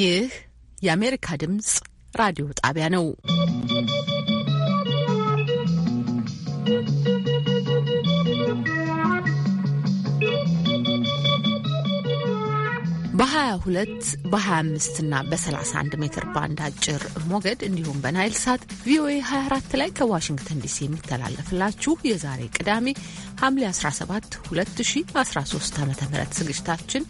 ይህ የአሜሪካ ድምጽ ራዲዮ ጣቢያ ነው። በ22 በ25 እና በ31 ሜትር ባንድ አጭር ሞገድ እንዲሁም በናይል ሳት ቪኦኤ 24 ላይ ከዋሽንግተን ዲሲ የሚተላለፍላችሁ የዛሬ ቅዳሜ ሐምሌ 17 2013 ዓ ም ዝግጅታችን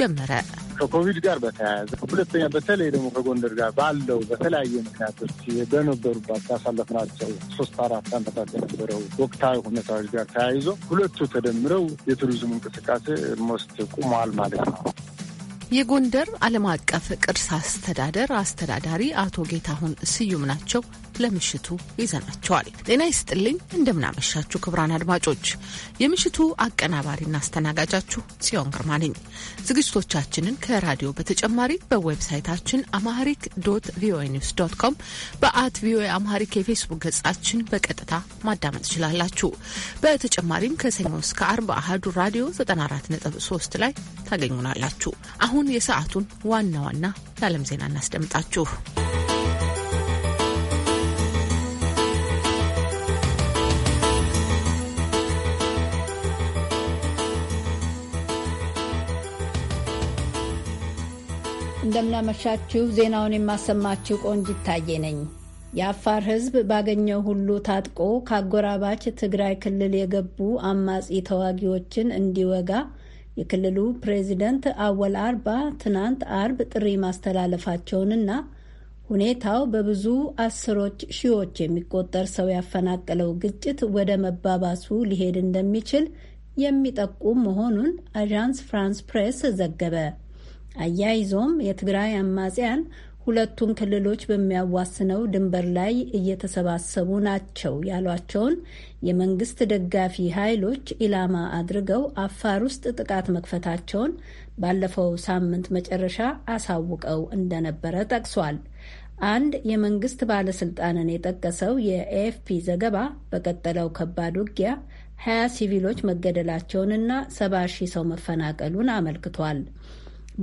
ጀመረ። ከኮቪድ ጋር በተያያዘ ሁለተኛ፣ በተለይ ደግሞ ከጎንደር ጋር ባለው በተለያየ ምክንያቶች በነበሩባቸው ያሳለፍናቸው ሶስት አራት ዓመታት የነበረው ወቅታዊ ሁኔታዎች ጋር ተያይዞ ሁለቱ ተደምረው የቱሪዝሙ እንቅስቃሴ ሞስት ቁሟል ማለት ነው። የጎንደር ዓለም አቀፍ ቅርስ አስተዳደር አስተዳዳሪ አቶ ጌታሁን ስዩም ናቸው። ለምሽቱ ይዘናቸዋል። ጤና ይስጥልኝ፣ እንደምናመሻችሁ ክቡራን አድማጮች። የምሽቱ አቀናባሪና አስተናጋጃችሁ ጽዮን ግርማ ነኝ። ዝግጅቶቻችንን ከራዲዮ በተጨማሪ በዌብሳይታችን አማሪክ ዶት ቪኦኤ ኒውስ ዶት ኮም፣ በአት ቪኦኤ አማሪክ የፌስቡክ ገጻችን በቀጥታ ማዳመጥ ትችላላችሁ። በተጨማሪም ከሰኞ እስከ አርብ አህዱ ራዲዮ 94.3 ላይ ታገኙናላችሁ። አሁን የሰዓቱን ዋና ዋና የዓለም ዜና እናስደምጣችሁ። እንደምናመሻችሁ። ዜናውን የማሰማችሁ ቆንጅ ይታየ ነኝ። የአፋር ሕዝብ ባገኘው ሁሉ ታጥቆ ከአጎራባች ትግራይ ክልል የገቡ አማጺ ተዋጊዎችን እንዲወጋ የክልሉ ፕሬዚደንት አወል አርባ ትናንት አርብ ጥሪ ማስተላለፋቸውንና ሁኔታው በብዙ አስሮች ሺዎች የሚቆጠር ሰው ያፈናቀለው ግጭት ወደ መባባሱ ሊሄድ እንደሚችል የሚጠቁም መሆኑን አዣንስ ፍራንስ ፕሬስ ዘገበ። አያይዞም የትግራይ አማጽያን ሁለቱን ክልሎች በሚያዋስነው ድንበር ላይ እየተሰባሰቡ ናቸው ያሏቸውን የመንግስት ደጋፊ ኃይሎች ኢላማ አድርገው አፋር ውስጥ ጥቃት መክፈታቸውን ባለፈው ሳምንት መጨረሻ አሳውቀው እንደነበረ ጠቅሷል። አንድ የመንግስት ባለስልጣንን የጠቀሰው የኤኤፍፒ ዘገባ በቀጠለው ከባድ ውጊያ ሀያ ሲቪሎች መገደላቸውንና ሰባ ሺህ ሰው መፈናቀሉን አመልክቷል።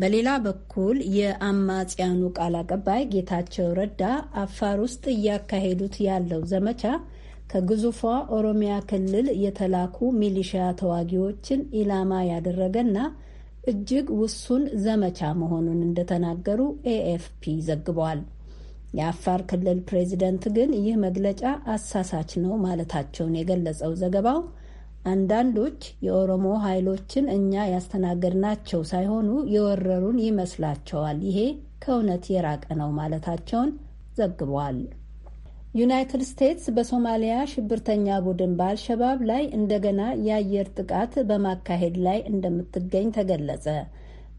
በሌላ በኩል የአማጽያኑ ቃል አቀባይ ጌታቸው ረዳ አፋር ውስጥ እያካሄዱት ያለው ዘመቻ ከግዙፏ ኦሮሚያ ክልል የተላኩ ሚሊሻ ተዋጊዎችን ኢላማ ያደረገና እጅግ ውሱን ዘመቻ መሆኑን እንደተናገሩ ኤኤፍፒ ዘግቧል። የአፋር ክልል ፕሬዚደንት ግን ይህ መግለጫ አሳሳች ነው ማለታቸውን የገለጸው ዘገባው አንዳንዶች የኦሮሞ ኃይሎችን እኛ ያስተናገድናቸው ሳይሆኑ የወረሩን ይመስላቸዋል፣ ይሄ ከእውነት የራቀ ነው ማለታቸውን ዘግቧል። ዩናይትድ ስቴትስ በሶማሊያ ሽብርተኛ ቡድን በአልሸባብ ላይ እንደገና የአየር ጥቃት በማካሄድ ላይ እንደምትገኝ ተገለጸ።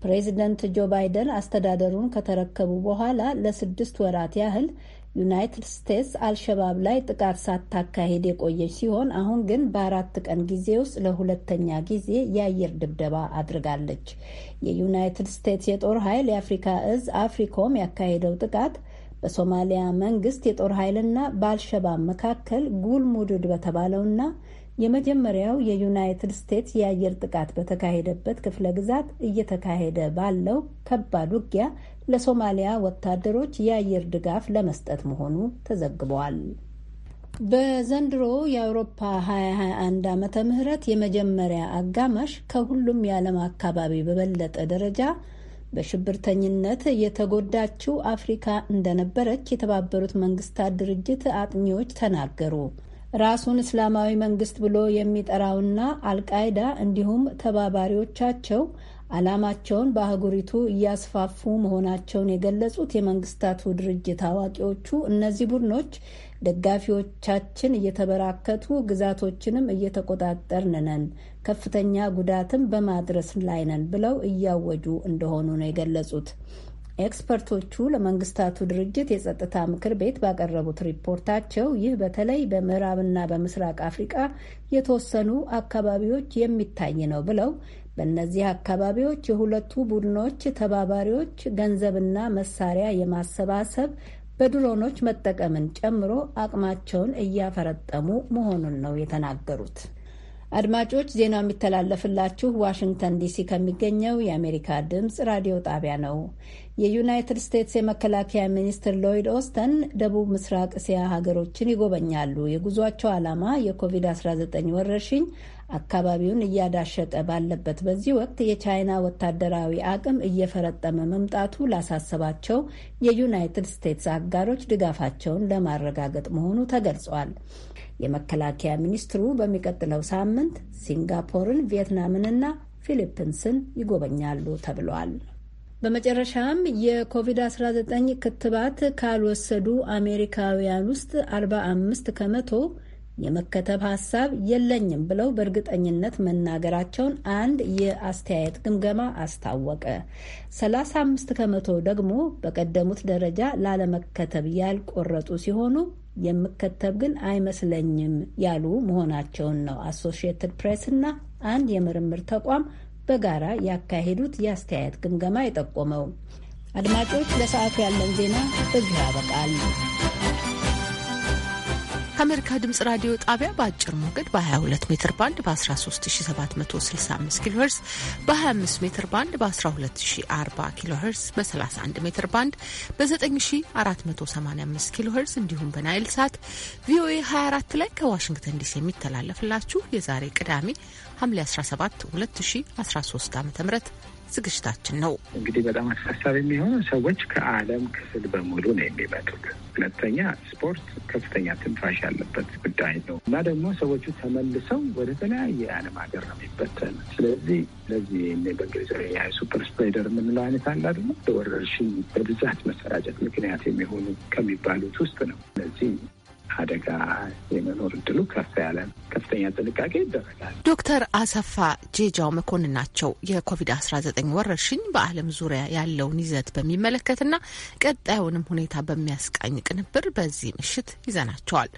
ፕሬዚደንት ጆ ባይደን አስተዳደሩን ከተረከቡ በኋላ ለስድስት ወራት ያህል ዩናይትድ ስቴትስ አልሸባብ ላይ ጥቃት ሳታካሄድ የቆየች ሲሆን አሁን ግን በአራት ቀን ጊዜ ውስጥ ለሁለተኛ ጊዜ የአየር ድብደባ አድርጋለች። የዩናይትድ ስቴትስ የጦር ኃይል የአፍሪካ እዝ አፍሪኮም ያካሄደው ጥቃት በሶማሊያ መንግስት የጦር ኃይልና በአልሸባብ መካከል ሙድድ በተባለውና የመጀመሪያው የዩናይትድ ስቴትስ የአየር ጥቃት በተካሄደበት ክፍለ ግዛት እየተካሄደ ባለው ከባድ ውጊያ ለሶማሊያ ወታደሮች የአየር ድጋፍ ለመስጠት መሆኑ ተዘግቧል። በዘንድሮ የአውሮፓ 2021 ዓመተ ምህረት የመጀመሪያ አጋማሽ ከሁሉም የዓለም አካባቢ በበለጠ ደረጃ በሽብርተኝነት የተጎዳችው አፍሪካ እንደነበረች የተባበሩት መንግስታት ድርጅት አጥኚዎች ተናገሩ። ራሱን እስላማዊ መንግስት ብሎ የሚጠራውና አልቃይዳ እንዲሁም ተባባሪዎቻቸው ዓላማቸውን በአህጉሪቱ እያስፋፉ መሆናቸውን የገለጹት የመንግስታቱ ድርጅት አዋቂዎቹ እነዚህ ቡድኖች ደጋፊዎቻችን እየተበራከቱ ግዛቶችንም እየተቆጣጠርን ነን፣ ከፍተኛ ጉዳትም በማድረስ ላይ ነን ብለው እያወጁ እንደሆኑ ነው የገለጹት። ኤክስፐርቶቹ ለመንግስታቱ ድርጅት የጸጥታ ምክር ቤት ባቀረቡት ሪፖርታቸው ይህ በተለይ በምዕራብና በምስራቅ አፍሪቃ የተወሰኑ አካባቢዎች የሚታይ ነው ብለው በእነዚህ አካባቢዎች የሁለቱ ቡድኖች ተባባሪዎች ገንዘብና መሳሪያ የማሰባሰብ በድሮኖች መጠቀምን ጨምሮ አቅማቸውን እያፈረጠሙ መሆኑን ነው የተናገሩት። አድማጮች ዜናው የሚተላለፍላችሁ ዋሽንግተን ዲሲ ከሚገኘው የአሜሪካ ድምፅ ራዲዮ ጣቢያ ነው። የዩናይትድ ስቴትስ የመከላከያ ሚኒስትር ሎይድ ኦስተን ደቡብ ምስራቅ እስያ ሀገሮችን ይጎበኛሉ። የጉዟቸው ዓላማ የኮቪድ-19 ወረርሽኝ አካባቢውን እያዳሸጠ ባለበት በዚህ ወቅት የቻይና ወታደራዊ አቅም እየፈረጠመ መምጣቱ ላሳሰባቸው የዩናይትድ ስቴትስ አጋሮች ድጋፋቸውን ለማረጋገጥ መሆኑ ተገልጿል። የመከላከያ ሚኒስትሩ በሚቀጥለው ሳምንት ሲንጋፖርን፣ ቪየትናምንና ፊሊፒንስን ይጎበኛሉ ተብሏል። በመጨረሻም የኮቪድ-19 ክትባት ካልወሰዱ አሜሪካውያን ውስጥ 45 ከመቶ የመከተብ ሀሳብ የለኝም ብለው በእርግጠኝነት መናገራቸውን አንድ የአስተያየት ግምገማ አስታወቀ። 35 ከመቶ ደግሞ በቀደሙት ደረጃ ላለመከተብ ያልቆረጡ ሲሆኑ የምከተብ ግን አይመስለኝም ያሉ መሆናቸውን ነው አሶሺየትድ ፕሬስ እና አንድ የምርምር ተቋም በጋራ ያካሄዱት የአስተያየት ግምገማ የጠቆመው። አድማጮች፣ ለሰዓቱ ያለን ዜና በዚህ ያበቃል። ከአሜሪካ ድምጽ ራዲዮ ጣቢያ በአጭር ሞገድ በ22 ሜትር ባንድ በ13765 ኪሎ በ25 ሜትር ባንድ በ1240 ኪሎ በ31 ሜትር ባንድ በ9485 ኪሎ እንዲሁም በናይል ሳት ቪኦኤ 24 ላይ ከዋሽንግተን ዲሲ የሚተላለፍላችሁ የዛሬ ቅዳሜ ሐምሌ 17 2013 ዓ ም ዝግጅታችን ነው። እንግዲህ በጣም አሳሳቢ የሚሆነው ሰዎች ከዓለም ክፍል በሙሉ ነው የሚመጡት። ሁለተኛ ስፖርት ከፍተኛ ትንፋሽ ያለበት ጉዳይ ነው እና ደግሞ ሰዎቹ ተመልሰው ወደ ተለያየ አለም ሀገር ነው የሚበተን። ስለዚህ ለዚህ በእንግሊዝኛ ሱፐር ስፕሬደር የምንለው አይነት አለ አይደል? ወረርሽኝ በብዛት መሰራጨት ምክንያት የሚሆኑ ከሚባሉት ውስጥ ነው። ስለዚህ አደጋ የመኖር እድሉ ከፍ ያለ ከፍተኛ ጥንቃቄ ይደረጋል። ዶክተር አሰፋ ጄጃው መኮንን ናቸው የኮቪድ-19 ወረርሽኝ በዓለም ዙሪያ ያለውን ይዘት በሚመለከትና ቀጣዩንም ሁኔታ በሚያስቃኝ ቅንብር በዚህ ምሽት ይዘናቸዋል።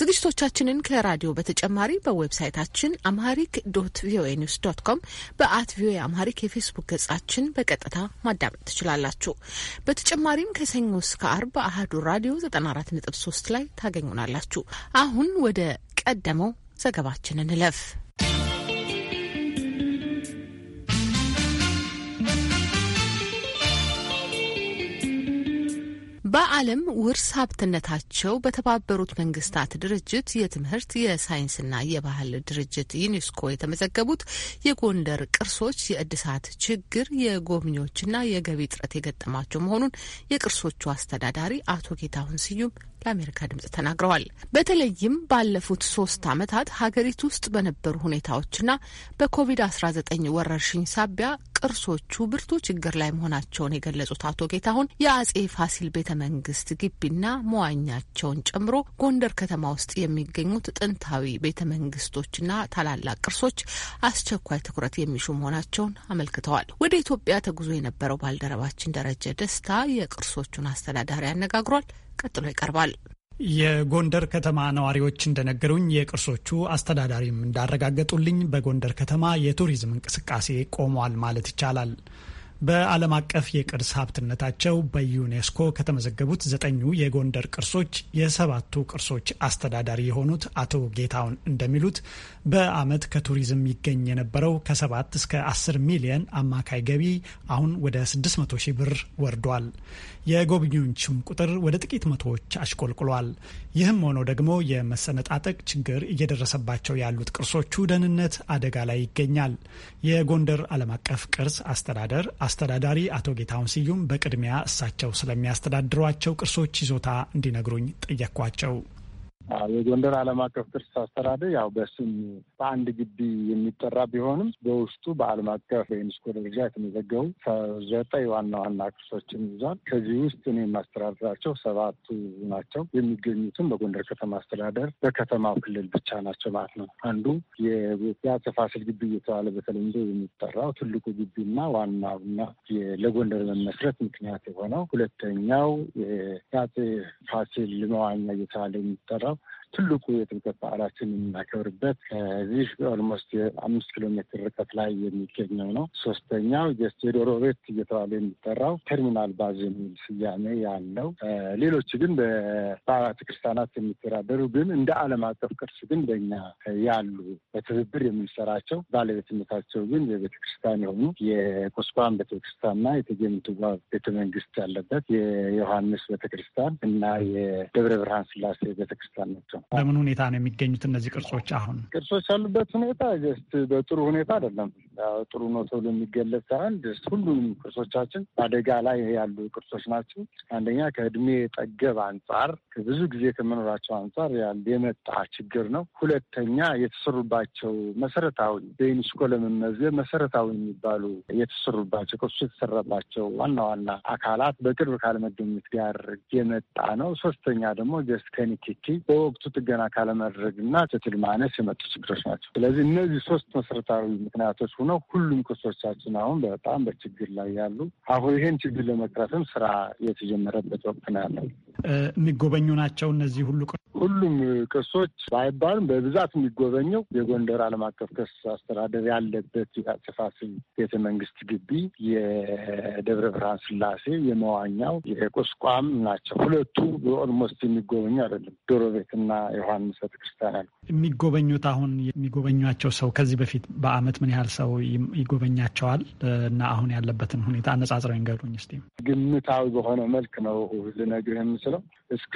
ዝግጅቶቻችንን ከራዲዮ በተጨማሪ በዌብሳይታችን አምሃሪክ ዶት ቪኦኤ ኒውስ ዶት ኮም፣ በአት ቪኦኤ አምሃሪክ የፌስቡክ ገጻችን በቀጥታ ማዳመጥ ትችላላችሁ። በተጨማሪም ከሰኞ እስከ አርብ አህዱ ራዲዮ 94.3 ላይ ታገኙ ትሆናላችሁ። አሁን ወደ ቀደመው ዘገባችንን እንለፍ። በዓለም ውርስ ሀብትነታቸው በተባበሩት መንግስታት ድርጅት የትምህርት የሳይንስና የባህል ድርጅት ዩኔስኮ የተመዘገቡት የጎንደር ቅርሶች የእድሳት ችግር የጎብኚዎችና የገቢ እጥረት የገጠማቸው መሆኑን የቅርሶቹ አስተዳዳሪ አቶ ጌታሁን ስዩም ለአሜሪካ ድምጽ ተናግረዋል። በተለይም ባለፉት ሶስት ዓመታት ሀገሪቱ ውስጥ በነበሩ ሁኔታዎችና በኮቪድ-19 ወረርሽኝ ሳቢያ ቅርሶቹ ብርቱ ችግር ላይ መሆናቸውን የገለጹት አቶ ጌታሁን የአጼ ፋሲል ቤተ መንግስት ግቢና መዋኛቸውን ጨምሮ ጎንደር ከተማ ውስጥ የሚገኙት ጥንታዊ ቤተ መንግስቶችና ታላላቅ ቅርሶች አስቸኳይ ትኩረት የሚሹ መሆናቸውን አመልክተዋል። ወደ ኢትዮጵያ ተጉዞ የነበረው ባልደረባችን ደረጀ ደስታ የቅርሶቹን አስተዳዳሪ አነጋግሯል። ቀጥሎ ይቀርባል። የጎንደር ከተማ ነዋሪዎች እንደነገሩኝ የቅርሶቹ አስተዳዳሪም እንዳረጋገጡልኝ በጎንደር ከተማ የቱሪዝም እንቅስቃሴ ቆሟል ማለት ይቻላል። በዓለም አቀፍ የቅርስ ሀብትነታቸው በዩኔስኮ ከተመዘገቡት ዘጠኙ የጎንደር ቅርሶች የሰባቱ ቅርሶች አስተዳዳሪ የሆኑት አቶ ጌታውን እንደሚሉት በዓመት ከቱሪዝም ይገኝ የነበረው ከሰባት እስከ አስር ሚሊየን አማካይ ገቢ አሁን ወደ ስድስት መቶ ሺህ ብር ወርዷል። የጎብኚዎችም ቁጥር ወደ ጥቂት መቶዎች አሽቆልቁሏል። ይህም ሆኖ ደግሞ የመሰነጣጠቅ ችግር እየደረሰባቸው ያሉት ቅርሶቹ ደህንነት አደጋ ላይ ይገኛል። የጎንደር ዓለም አቀፍ ቅርስ አስተዳደር አስተዳዳሪ አቶ ጌታሁን ስዩም በቅድሚያ እሳቸው ስለሚያስተዳድሯቸው ቅርሶች ይዞታ እንዲነግሩኝ ጠየኳቸው። የጎንደር ዓለም አቀፍ ቅርስ አስተዳደር ያው በስም በአንድ ግቢ የሚጠራ ቢሆንም በውስጡ በዓለም አቀፍ በዩኒስኮ ደረጃ የተመዘገቡ ከዘጠኝ ዋና ዋና ቅርሶችን ይዟል። ከዚህ ውስጥ እኔ የማስተዳደራቸው ሰባቱ ናቸው። የሚገኙትም በጎንደር ከተማ አስተዳደር በከተማው ክልል ብቻ ናቸው ማለት ነው። አንዱ የአፄ ፋሲል ግቢ እየተባለ በተለምዶ የሚጠራው ትልቁ ግቢና ዋናውና ለጎንደር መመስረት ምክንያት የሆነው ሁለተኛው የአፄ ፋሲል መዋኛ እየተባለ የሚጠራው well. ትልቁ የጥምቀት በዓላችን የምናከብርበት ከዚህ ኦልሞስት የአምስት ኪሎ ሜትር ርቀት ላይ የሚገኘው ነው። ሶስተኛው የዶሮ ቤት እየተባለ የሚጠራው ተርሚናል ባዝ የሚል ስያሜ ያለው ሌሎች ግን በአብያተ ክርስቲያናት የሚተዳደሩ ግን እንደ ዓለም አቀፍ ቅርስ ግን በኛ ያሉ በትብብር የምንሰራቸው ባለቤትነታቸው ግን የቤተ ክርስቲያን የሆኑ የቁስቋም ቤተክርስቲያንና ቤተ ቤተመንግስት ያለበት የዮሐንስ ቤተክርስቲያን እና የደብረ ብርሃን ስላሴ ቤተክርስቲያን ናቸው። በምን ሁኔታ ነው የሚገኙት እነዚህ ቅርሶች? አሁን ቅርሶች ያሉበት ሁኔታ ጀስት በጥሩ ሁኔታ አይደለም። ጥሩ ነው ተብሎ የሚገለጽ ሳይሆን ጀስት ሁሉም ቅርሶቻችን አደጋ ላይ ያሉ ቅርሶች ናቸው። አንደኛ ከእድሜ ጠገብ አንጻር ብዙ ጊዜ ከመኖራቸው አንጻር የመጣ ችግር ነው። ሁለተኛ የተሰሩባቸው መሰረታዊ በዩኒስኮ ለመመዝገብ መሰረታዊ የሚባሉ የተሰሩባቸው ቅርሶች የተሰራባቸው ዋና ዋና አካላት በቅርብ ካለመገኘት ጋር የመጣ ነው። ሶስተኛ ደግሞ ጀስት ከኒኪኪ በወቅቱ ጥገና ካለማድረግ እና ትትል ማነስ የመጡ ችግሮች ናቸው። ስለዚህ እነዚህ ሶስት መሰረታዊ ምክንያቶች ሆነው ሁሉም ቅርሶቻችን አሁን በጣም በችግር ላይ ያሉ፣ አሁን ይሄን ችግር ለመቅረፍም ስራ የተጀመረበት ወቅት ነው ያለው። የሚጎበኙ ናቸው እነዚህ ሁሉ ሁሉም ቅርሶች ባይባሉም በብዛት የሚጎበኘው የጎንደር ዓለም አቀፍ ቅርስ አስተዳደር ያለበት የአፄ ፋሲል ቤተ መንግስት ግቢ፣ የደብረ ብርሃን ስላሴ፣ የመዋኛው፣ የቁስቋም ናቸው። ሁለቱ ኦልሞስት የሚጎበኙ አይደለም። ዶሮ ቤትና ዮሐንስ ቤተክርስቲያን አሉ። የሚጎበኙት አሁን የሚጎበኟቸው ሰው ከዚህ በፊት በአመት ምን ያህል ሰው ይጎበኛቸዋል እና አሁን ያለበትን ሁኔታ አነጻጽረው ይንገሩኝ እስኪ። ግምታዊ በሆነ መልክ ነው ልነግርህ የምችለው። እስከ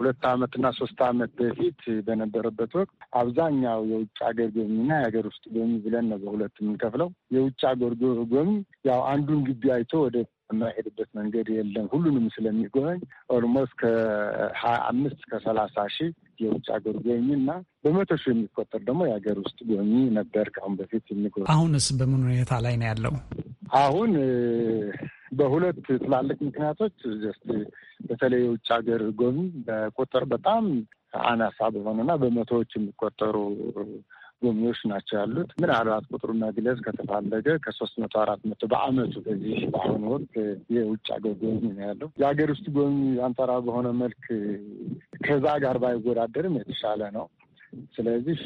ሁለት አመትና ሶስት አመት በፊት በነበረበት ወቅት አብዛኛው የውጭ ሀገር ጎብኝና የሀገር ውስጥ ጎብኝ ብለን ነው በሁለት የምንከፍለው። የውጭ ሀገር ጎብኝ ያው አንዱን ግቢ አይቶ ወደ የማይሄድበት መንገድ የለም። ሁሉንም ስለሚጎበኝ ኦልሞስት ከሀያ አምስት ከሰላሳ ሺህ የውጭ ሀገር ጎብኚ እና በመቶ ሺህ የሚቆጠር ደግሞ የሀገር ውስጥ ጎብኚ ነበር ከአሁን በፊት የሚጎበኝ። አሁንስ በምን ሁኔታ ላይ ነው ያለው? አሁን በሁለት ትላልቅ ምክንያቶች በተለይ የውጭ ሀገር ጎብኝ በቁጥር በጣም አናሳ በሆነና በመቶዎች የሚቆጠሩ ጎብኚዎች ናቸው ያሉት። ምናልባት ቁጥሩን መግለጽ ከተፈለገ ከሶስት መቶ አራት መቶ በአመቱ በዚህ በአሁኑ ወቅት የውጭ አገር ጎብኚ ነው ያለው። የሀገር ውስጥ ጎብኚ አንጠራ በሆነ መልክ ከዛ ጋር ባይወዳደርም የተሻለ ነው። ስለዚህ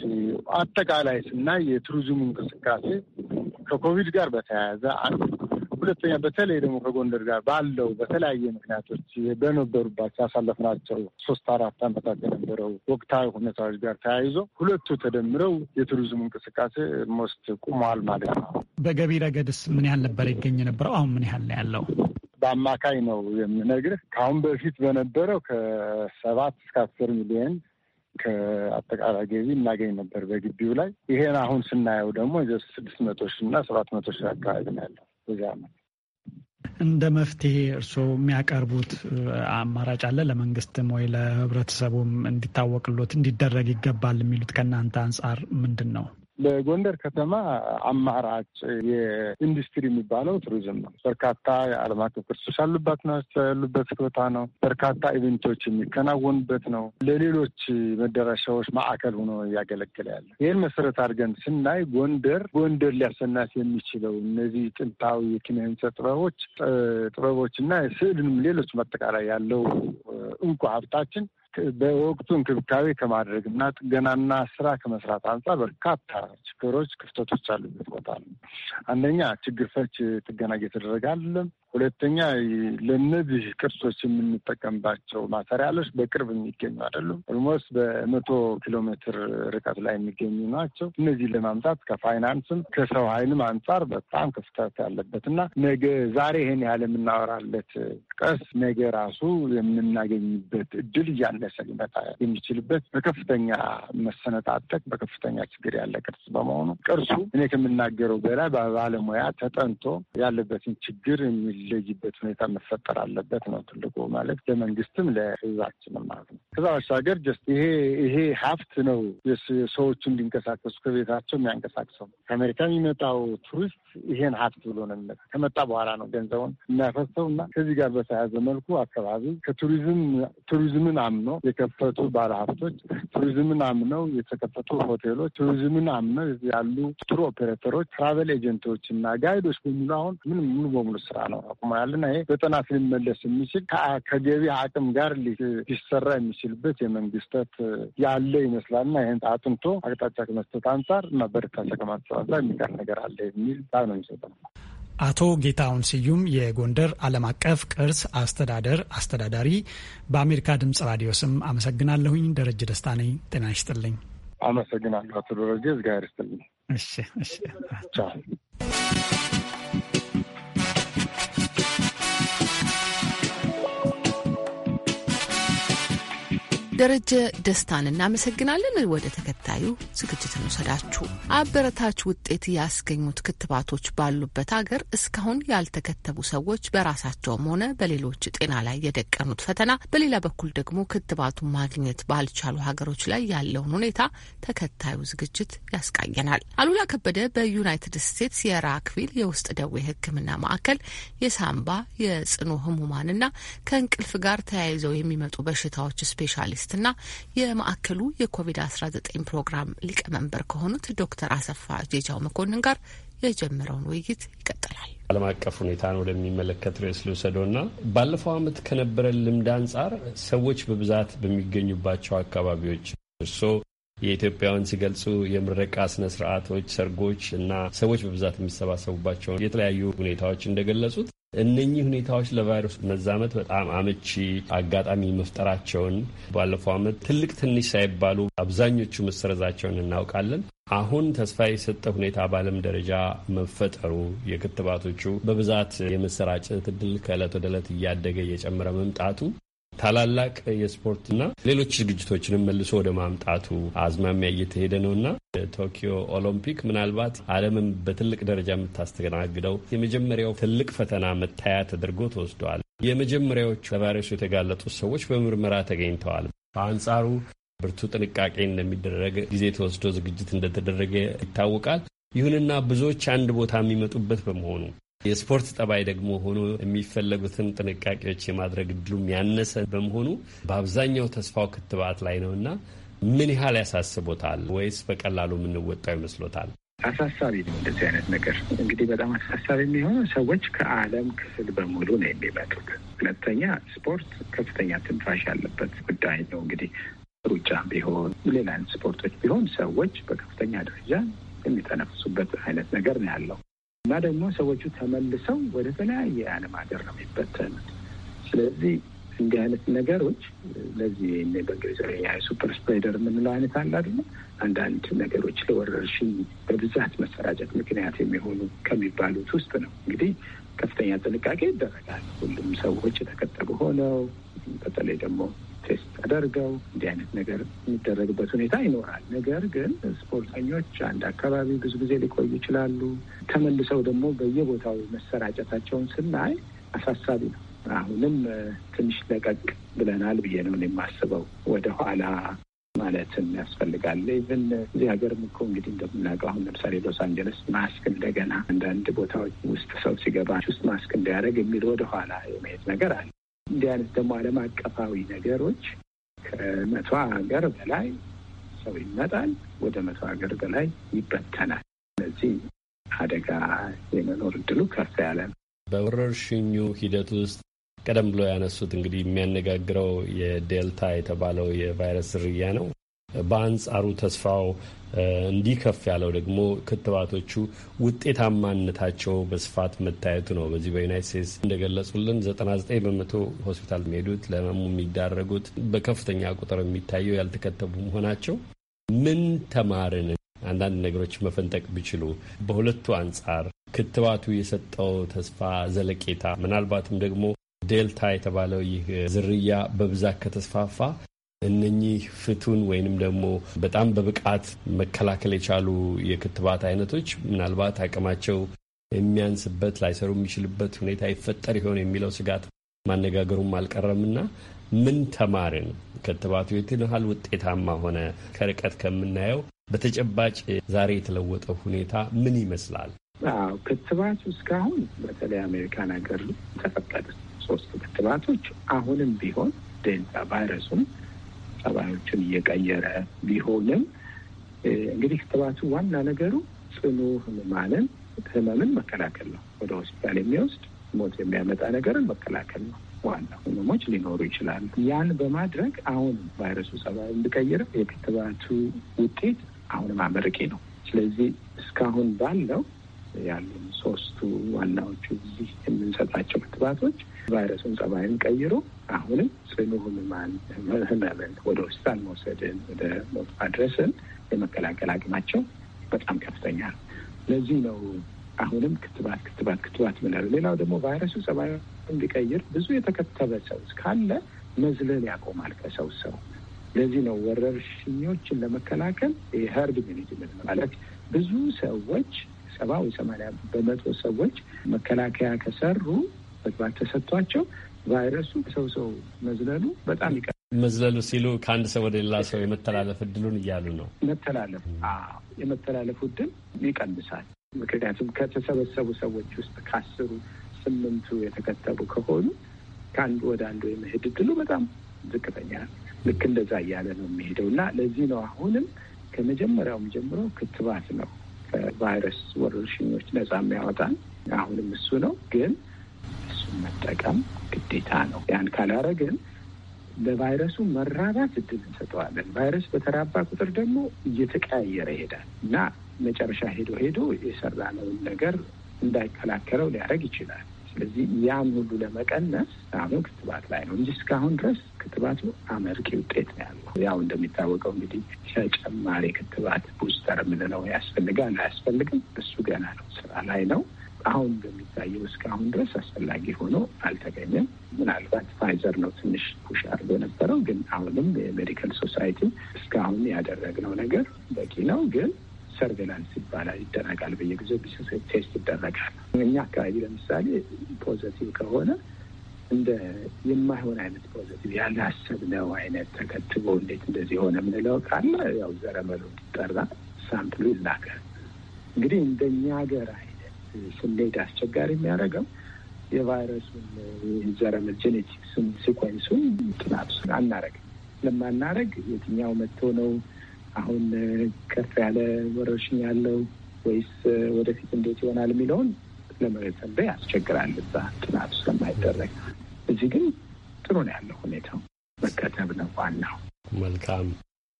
አጠቃላይ ስናይ የቱሪዝሙ እንቅስቃሴ ከኮቪድ ጋር በተያያዘ አንድ ሁለተኛ በተለይ ደግሞ ከጎንደር ጋር ባለው በተለያየ ምክንያቶች በነበሩባቸው ያሳለፍናቸው ሶስት አራት ዓመታት የነበረው ወቅታዊ ሁኔታዎች ጋር ተያይዞ ሁለቱ ተደምረው የቱሪዝሙ እንቅስቃሴ ሞስት ቁሟል ማለት ነው። በገቢ ረገድስ ምን ያህል ነበር ይገኝ የነበረው? አሁን ምን ያህል ነው ያለው? በአማካይ ነው የምነግርህ። ከአሁን በፊት በነበረው ከሰባት እስከ አስር ሚሊዮን ከአጠቃላይ ገቢ እናገኝ ነበር በግቢው ላይ። ይሄን አሁን ስናየው ደግሞ ስድስት መቶ ሺህ እና ሰባት መቶ ሺህ አካባቢ ነው ያለው። ነው። እንደ መፍትሄ እርስዎ የሚያቀርቡት አማራጭ አለ? ለመንግስትም ወይ ለህብረተሰቡም እንዲታወቅሎት እንዲደረግ ይገባል የሚሉት ከእናንተ አንጻር ምንድን ነው? ለጎንደር ከተማ አማራጭ የኢንዱስትሪ የሚባለው ቱሪዝም ነው። በርካታ የዓለም አቀፍ ቅርሶች ነው ያሉበት ቦታ ነው። በርካታ ኢቨንቶች የሚከናወኑበት ነው። ለሌሎች መዳረሻዎች ማዕከል ሆኖ እያገለገለ ያለ ይህን መሰረት አድርገን ስናይ ጎንደር ጎንደር ሊያሰናት የሚችለው እነዚህ ጥንታዊ የኪነ ህንፃ ጥበቦች ጥበቦች እና ስዕልንም ሌሎች ማጠቃላይ ያለው እንቁ ሀብታችን በወቅቱ እንክብካቤ ከማድረግ እና ጥገናና ስራ ከመስራት አንጻር በርካታ ችግሮች፣ ክፍተቶች አሉበት ቦታ ነው። አንደኛ ችግር ፈች ጥገና እየተደረገ አይደለም። ሁለተኛ ለእነዚህ ቅርሶች የምንጠቀምባቸው ማተሪያሎች በቅርብ የሚገኙ አይደሉም። ኦልሞስት በመቶ ኪሎ ሜትር ርቀት ላይ የሚገኙ ናቸው። እነዚህ ለማምጣት ከፋይናንስም ከሰው ኃይልም አንጻር በጣም ክፍተት ያለበት እና ነገ ዛሬ ይሄን ያህል የምናወራለት ቀስ ነገ ራሱ የምናገኝበት እድል እያለ ሊበሰልበት የሚችልበት በከፍተኛ መሰነጣጠቅ፣ በከፍተኛ ችግር ያለ ቅርጽ በመሆኑ ቅርሱ እኔ ከምናገረው በላይ በባለሙያ ተጠንቶ ያለበትን ችግር የሚለይበት ሁኔታ መፈጠር አለበት ነው ትልቁ ማለት ለመንግስትም ለሕዝባችንም ማለት ነው። ከዛ ባሻገር ጀስት ይሄ ይሄ ሀብት ነው ሰዎቹ እንዲንቀሳቀሱ ከቤታቸው የሚያንቀሳቅሰው ከአሜሪካ የሚመጣው ቱሪስት ይሄን ሀብት ብሎ ነው የሚመጣ። ከመጣ በኋላ ነው ገንዘቡን የሚያፈሰው እና ከዚህ ጋር በተያያዘ መልኩ አካባቢ ከቱሪዝም ቱሪዝምን አምኖ ነው የከፈቱ ባለሀብቶች፣ ቱሪዝምን አምነው የተከፈቱ ሆቴሎች፣ ቱሪዝምን አምነው ያሉ ቱር ኦፔሬተሮች፣ ትራቨል ኤጀንቶች እና ጋይዶች በሙሉ አሁን ምን ሙሉ በሙሉ ስራ ነው አቁመዋል ያለና ይሄ በጥናት ሊመለስ የሚችል ከገቢ አቅም ጋር ሊሰራ የሚችልበት የመንግስተት ያለ ይመስላል እና ይህን አጥንቶ አቅጣጫ ከመስጠት አንጻር እና በርካታ ከማሰባሰብ የሚቀር ነገር አለ የሚል ነው የሚሰጠ አቶ ጌታሁን ስዩም የጎንደር ዓለም አቀፍ ቅርስ አስተዳደር አስተዳዳሪ፣ በአሜሪካ ድምጽ ራዲዮ ስም አመሰግናለሁኝ። ደረጀ ደስታ ነኝ። ጤና ይስጥልኝ። አመሰግናለሁ አቶ ደረጀ፣ እግዚአብሔር ይስጥልኝ። እሺ እሺ። ደረጀ ደስታን እናመሰግናለን። ወደ ተከታዩ ዝግጅት እንውሰዳችሁ። አበረታች ውጤት ያስገኙት ክትባቶች ባሉበት አገር እስካሁን ያልተከተቡ ሰዎች በራሳቸውም ሆነ በሌሎች ጤና ላይ የደቀኑት ፈተና፣ በሌላ በኩል ደግሞ ክትባቱን ማግኘት ባልቻሉ ሀገሮች ላይ ያለውን ሁኔታ ተከታዩ ዝግጅት ያስቃኘናል። አሉላ ከበደ በዩናይትድ ስቴትስ የራክቪል የውስጥ ደዌ ሕክምና ማዕከል የሳምባ የጽኑ ህሙማንና ከእንቅልፍ ጋር ተያይዘው የሚመጡ በሽታዎች ስፔሻሊስት መንግስትና የማዕከሉ የኮቪድ-19 ፕሮግራም ሊቀመንበር ከሆኑት ዶክተር አሰፋ ጄጃው መኮንን ጋር የጀመረውን ውይይት ይቀጥላል። ዓለም አቀፍ ሁኔታን ወደሚመለከት ርዕስ ልውሰዶና ባለፈው ዓመት ከነበረ ልምድ አንጻር ሰዎች በብዛት በሚገኙባቸው አካባቢዎች እርስዎ የኢትዮጵያውን ሲገልጹ የምረቃ ስነ ስርዓቶች፣ ሰርጎች እና ሰዎች በብዛት የሚሰባሰቡባቸውን የተለያዩ ሁኔታዎች እንደገለጹት እነኚህ ሁኔታዎች ለቫይረስ መዛመት በጣም አመቺ አጋጣሚ መፍጠራቸውን ባለፈው ዓመት ትልቅ ትንሽ ሳይባሉ አብዛኞቹ መሰረዛቸውን እናውቃለን። አሁን ተስፋ የሰጠ ሁኔታ በዓለም ደረጃ መፈጠሩ የክትባቶቹ በብዛት የመሰራጨት እድል ከዕለት ወደ ዕለት እያደገ እየጨመረ መምጣቱ ታላላቅ የስፖርትና ሌሎች ዝግጅቶችንም መልሶ ወደ ማምጣቱ አዝማሚያ እየተሄደ ነው እና ቶኪዮ ኦሎምፒክ ምናልባት ዓለምን በትልቅ ደረጃ የምታስተናግደው የመጀመሪያው ትልቅ ፈተና መታያ ተደርጎ ተወስደዋል። የመጀመሪያዎቹ ለቫይረሱ የተጋለጡት ሰዎች በምርመራ ተገኝተዋል። በአንጻሩ ብርቱ ጥንቃቄ እንደሚደረግ ጊዜ ተወስዶ ዝግጅት እንደተደረገ ይታወቃል። ይሁንና ብዙዎች አንድ ቦታ የሚመጡበት በመሆኑ የስፖርት ጠባይ ደግሞ ሆኖ የሚፈለጉትን ጥንቃቄዎች የማድረግ እድሉም ያነሰ በመሆኑ በአብዛኛው ተስፋው ክትባት ላይ ነው እና ምን ያህል ያሳስቦታል? ወይስ በቀላሉ የምንወጣው ይመስሎታል? አሳሳቢ ነው እንደዚህ አይነት ነገር እንግዲህ በጣም አሳሳቢ የሚሆነው ሰዎች ከዓለም ክፍል በሙሉ ነው የሚመጡት። ሁለተኛ ስፖርት ከፍተኛ ትንፋሽ ያለበት ጉዳይ ነው። እንግዲህ ሩጫ ቢሆን ሌላ አይነት ስፖርቶች ቢሆን ሰዎች በከፍተኛ ደረጃ የሚተነፍሱበት አይነት ነገር ነው ያለው። እና ደግሞ ሰዎቹ ተመልሰው ወደ ተለያየ የዓለም ሀገር ነው የሚበተኑት። ስለዚህ እንዲህ አይነት ነገሮች ለዚህ በእንግሊዝኛ ሱፐር ስፕሬደር የምንለው አይነት አለ አይደለ? አንዳንድ ነገሮች ለወረርሽኝ በብዛት መሰራጨት ምክንያት የሚሆኑ ከሚባሉት ውስጥ ነው። እንግዲህ ከፍተኛ ጥንቃቄ ይደረጋል። ሁሉም ሰዎች የተከተቡ ሆነው በተለይ ደግሞ ቴስት ተደርገው እንዲህ አይነት ነገር የሚደረግበት ሁኔታ ይኖራል። ነገር ግን ስፖርተኞች አንድ አካባቢ ብዙ ጊዜ ሊቆዩ ይችላሉ። ተመልሰው ደግሞ በየቦታው መሰራጨታቸውን ስናይ አሳሳቢ ነው። አሁንም ትንሽ ለቀቅ ብለናል ብዬ ነው የማስበው። ወደ ኋላ ማለትም ያስፈልጋል። ኢቨን እዚህ ሀገርም እኮ እንግዲህ እንደምናውቀው አሁን ለምሳሌ ሎስ አንጀለስ ማስክ እንደገና አንዳንድ ቦታዎች ውስጥ ሰው ሲገባ ውስጥ ማስክ እንዳያደርግ የሚል ወደ ኋላ የመሄድ ነገር አለ። እንዲህ አይነት ደግሞ ዓለም አቀፋዊ ነገሮች ከመቶ ሀገር በላይ ሰው ይመጣል፣ ወደ መቶ ሀገር በላይ ይበተናል። ስለዚህ አደጋ የመኖር እድሉ ከፍ ያለ ነው። በወረርሽኙ ሂደት ውስጥ ቀደም ብሎ ያነሱት እንግዲህ የሚያነጋግረው የዴልታ የተባለው የቫይረስ ዝርያ ነው። በአንጻሩ ተስፋው እንዲህ ከፍ ያለው ደግሞ ክትባቶቹ ውጤታማነታቸው በስፋት መታየቱ ነው። በዚህ በዩናይት ስቴትስ እንደገለጹልን 99 በመቶ ሆስፒታል የሚሄዱት ለህመሙ የሚዳረጉት በከፍተኛ ቁጥር የሚታየው ያልተከተቡ መሆናቸው ምን ተማርን? አንዳንድ ነገሮች መፈንጠቅ ቢችሉ በሁለቱ አንጻር ክትባቱ የሰጠው ተስፋ ዘለቄታ፣ ምናልባትም ደግሞ ዴልታ የተባለው ይህ ዝርያ በብዛት ከተስፋፋ እነኚህ ፍቱን ወይንም ደግሞ በጣም በብቃት መከላከል የቻሉ የክትባት አይነቶች ምናልባት አቅማቸው የሚያንስበት ላይሰሩ የሚችልበት ሁኔታ ይፈጠር ይሆን የሚለው ስጋት ማነጋገሩም አልቀረምና ምን ተማርን? ክትባቱ የትን ያህል ውጤታማ ሆነ? ከርቀት ከምናየው በተጨባጭ ዛሬ የተለወጠ ሁኔታ ምን ይመስላል? አዎ ክትባቱ እስካሁን በተለይ አሜሪካን ሀገር ተፈቀደ ሶስት ክትባቶች አሁንም ቢሆን ዴልታ ቫይረሱም ጸባዮችን እየቀየረ ቢሆንም እንግዲህ ክትባቱ ዋና ነገሩ ጽኑ ህሙማንን ህመምን መከላከል ነው። ወደ ሆስፒታል የሚወስድ ሞት የሚያመጣ ነገርን መከላከል ነው። ዋና ህመሞች ሊኖሩ ይችላሉ። ያን በማድረግ አሁን ቫይረሱ ጸባዩ እንዲቀይር የክትባቱ ውጤት አሁንም አመርቂ ነው። ስለዚህ እስካሁን ባለው ያሉን ሶስቱ ዋናዎቹ እዚህ የምንሰጣቸው ክትባቶች ቫይረሱን ጸባይን ቀይሮ አሁንም ጽኑ ህሙማን ህመምን ወደ ሆስፒታል መውሰድን ወደ ሞት ማድረስን የመከላከል አቅማቸው በጣም ከፍተኛ ነው። ለዚህ ነው አሁንም ክትባት ክትባት ክትባት ምንለው። ሌላው ደግሞ ቫይረሱ ጸባዩ እንዲቀይር ብዙ የተከተበ ሰው ካለ መዝለል ያቆማል ከሰው ሰው። ለዚህ ነው ወረርሽኞችን ለመከላከል የሀርድ ኢሚኒቲ ማለት ብዙ ሰዎች ሰባ ወይ ሰማንያ በመቶ ሰዎች መከላከያ ከሰሩ ተግባር ተሰጥቷቸው ቫይረሱ ሰው ሰው መዝለሉ በጣም ይቀ መዝለሉ ሲሉ ከአንድ ሰው ወደ ሌላ ሰው የመተላለፍ እድሉን እያሉ ነው። መተላለፍ የመተላለፉ እድል ይቀንሳል። ምክንያቱም ከተሰበሰቡ ሰዎች ውስጥ ከአስሩ ስምንቱ የተከተቡ ከሆኑ ከአንዱ ወደ አንዱ የመሄድ እድሉ በጣም ዝቅተኛ ልክ እንደዛ እያለ ነው የሚሄደው እና ለዚህ ነው አሁንም ከመጀመሪያውም ጀምሮ ክትባት ነው ከቫይረስ ወረርሽኞች ነጻ የሚያወጣን። አሁንም እሱ ነው ግን መጠቀም ግዴታ ነው። ያን ካላረግን ለቫይረሱ መራባት እድል እንሰጠዋለን። ቫይረስ በተራባ ቁጥር ደግሞ እየተቀያየረ ይሄዳል እና መጨረሻ ሄዶ ሄዶ የሰራነውን ነገር እንዳይከላከለው ሊያደርግ ይችላል። ስለዚህ ያን ሁሉ ለመቀነስ አሁን ክትባት ላይ ነው እንጂ እስካሁን ድረስ ክትባቱ አመርቂ ውጤት ነው ያለው። ያው እንደሚታወቀው እንግዲህ ተጨማሪ ክትባት ቡስተር የምንለው ያስፈልጋል አያስፈልግም፣ እሱ ገና ነው፣ ስራ ላይ ነው። አሁን እንደሚታየው እስካሁን ድረስ አስፈላጊ ሆኖ አልተገኘም። ምናልባት ፋይዘር ነው ትንሽ ፑሽ አድርጎ ነበረው፣ ግን አሁንም የሜዲካል ሶሳይቲ እስካሁን ያደረግነው ነገር በቂ ነው ግን ሰርቬላንስ ይባላል ይደረጋል። በየጊዜው ቴስት ይደረጋል። እኛ አካባቢ ለምሳሌ ፖዘቲቭ ከሆነ እንደ የማይሆን አይነት ፖዘቲቭ ያላሰብነው አይነት ተከትቦ እንዴት እንደዚህ ሆነ የምንለው ካለ ያው ዘረመሉ ይጠራ፣ ሳምፕሉ ይላካል። እንግዲህ እንደኛ ሀገር ስሌት አስቸጋሪ የሚያደርገው የቫይረሱን ዘረመል ጄኔቲክስን ሲኮንሱን ጥናቱ አናረግ ለማናረግ የትኛው መጥቶ ነው አሁን ከፍ ያለ ወረርሽኝ ያለው ወይስ ወደፊት እንዴት ይሆናል የሚለውን ለመሰበ ያስቸግራል። እዛ ጥናቱ ስለማይደረግ እዚህ ግን ጥሩ ነው ያለው ሁኔታው መከተብ ነው ዋናው። መልካም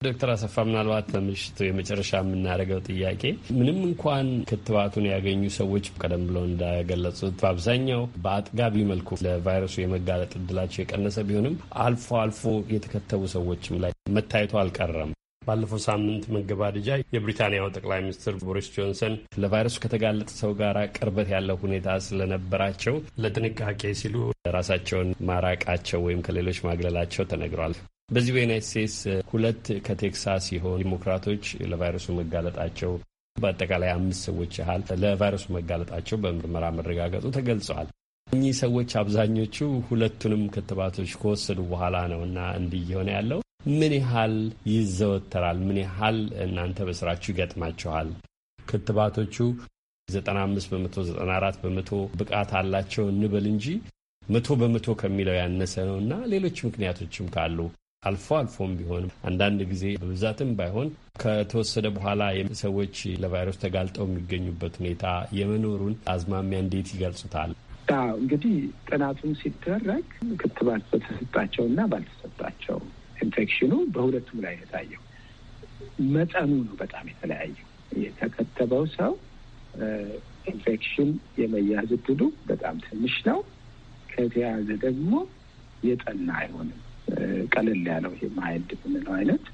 ዶክተር አሰፋ ምናልባት በምሽቱ የመጨረሻ የምናደርገው ጥያቄ ምንም እንኳን ክትባቱን ያገኙ ሰዎች ቀደም ብለው እንዳገለጹት በአብዛኛው በአጥጋቢ መልኩ ለቫይረሱ የመጋለጥ እድላቸው የቀነሰ ቢሆንም አልፎ አልፎ የተከተቡ ሰዎችም ላይ መታየቱ አልቀረም። ባለፈው ሳምንት መገባደጃ የብሪታንያው ጠቅላይ ሚኒስትር ቦሪስ ጆንሰን ለቫይረሱ ከተጋለጠ ሰው ጋር ቅርበት ያለው ሁኔታ ስለነበራቸው ለጥንቃቄ ሲሉ ራሳቸውን ማራቃቸው ወይም ከሌሎች ማግለላቸው ተነግሯል። በዚህ በዩናይት ስቴትስ ሁለት ከቴክሳስ የሆኑ ዲሞክራቶች ለቫይረሱ መጋለጣቸው በአጠቃላይ አምስት ሰዎች ያህል ለቫይረሱ መጋለጣቸው በምርመራ መረጋገጡ ተገልጸዋል። እኚህ ሰዎች አብዛኞቹ ሁለቱንም ክትባቶች ከወሰዱ በኋላ ነው እና እንዲህ እየሆነ ያለው ምን ያህል ይዘወተራል? ምን ያህል እናንተ በስራችሁ ይገጥማችኋል? ክትባቶቹ 95 በመቶ 94 በመቶ ብቃት አላቸው እንበል እንጂ መቶ በመቶ ከሚለው ያነሰ ነው እና ሌሎች ምክንያቶችም ካሉ አልፎ አልፎም ቢሆን አንዳንድ ጊዜ በብዛትም ባይሆን ከተወሰደ በኋላ ሰዎች ለቫይረስ ተጋልጠው የሚገኙበት ሁኔታ የመኖሩን አዝማሚያ እንዴት ይገልጹታል? እንግዲህ ጥናቱን ሲደረግ ክትባት በተሰጣቸው እና ባልተሰጣቸው ኢንፌክሽኑ በሁለቱም ላይ የታየው መጠኑ ነው በጣም የተለያየው። የተከተበው ሰው ኢንፌክሽን የመያዝ እድሉ በጣም ትንሽ ነው። ከተያዘ ደግሞ የጠና አይሆንም። ቀለል ያለው ይሄ ማይልድ የምንለው አይነት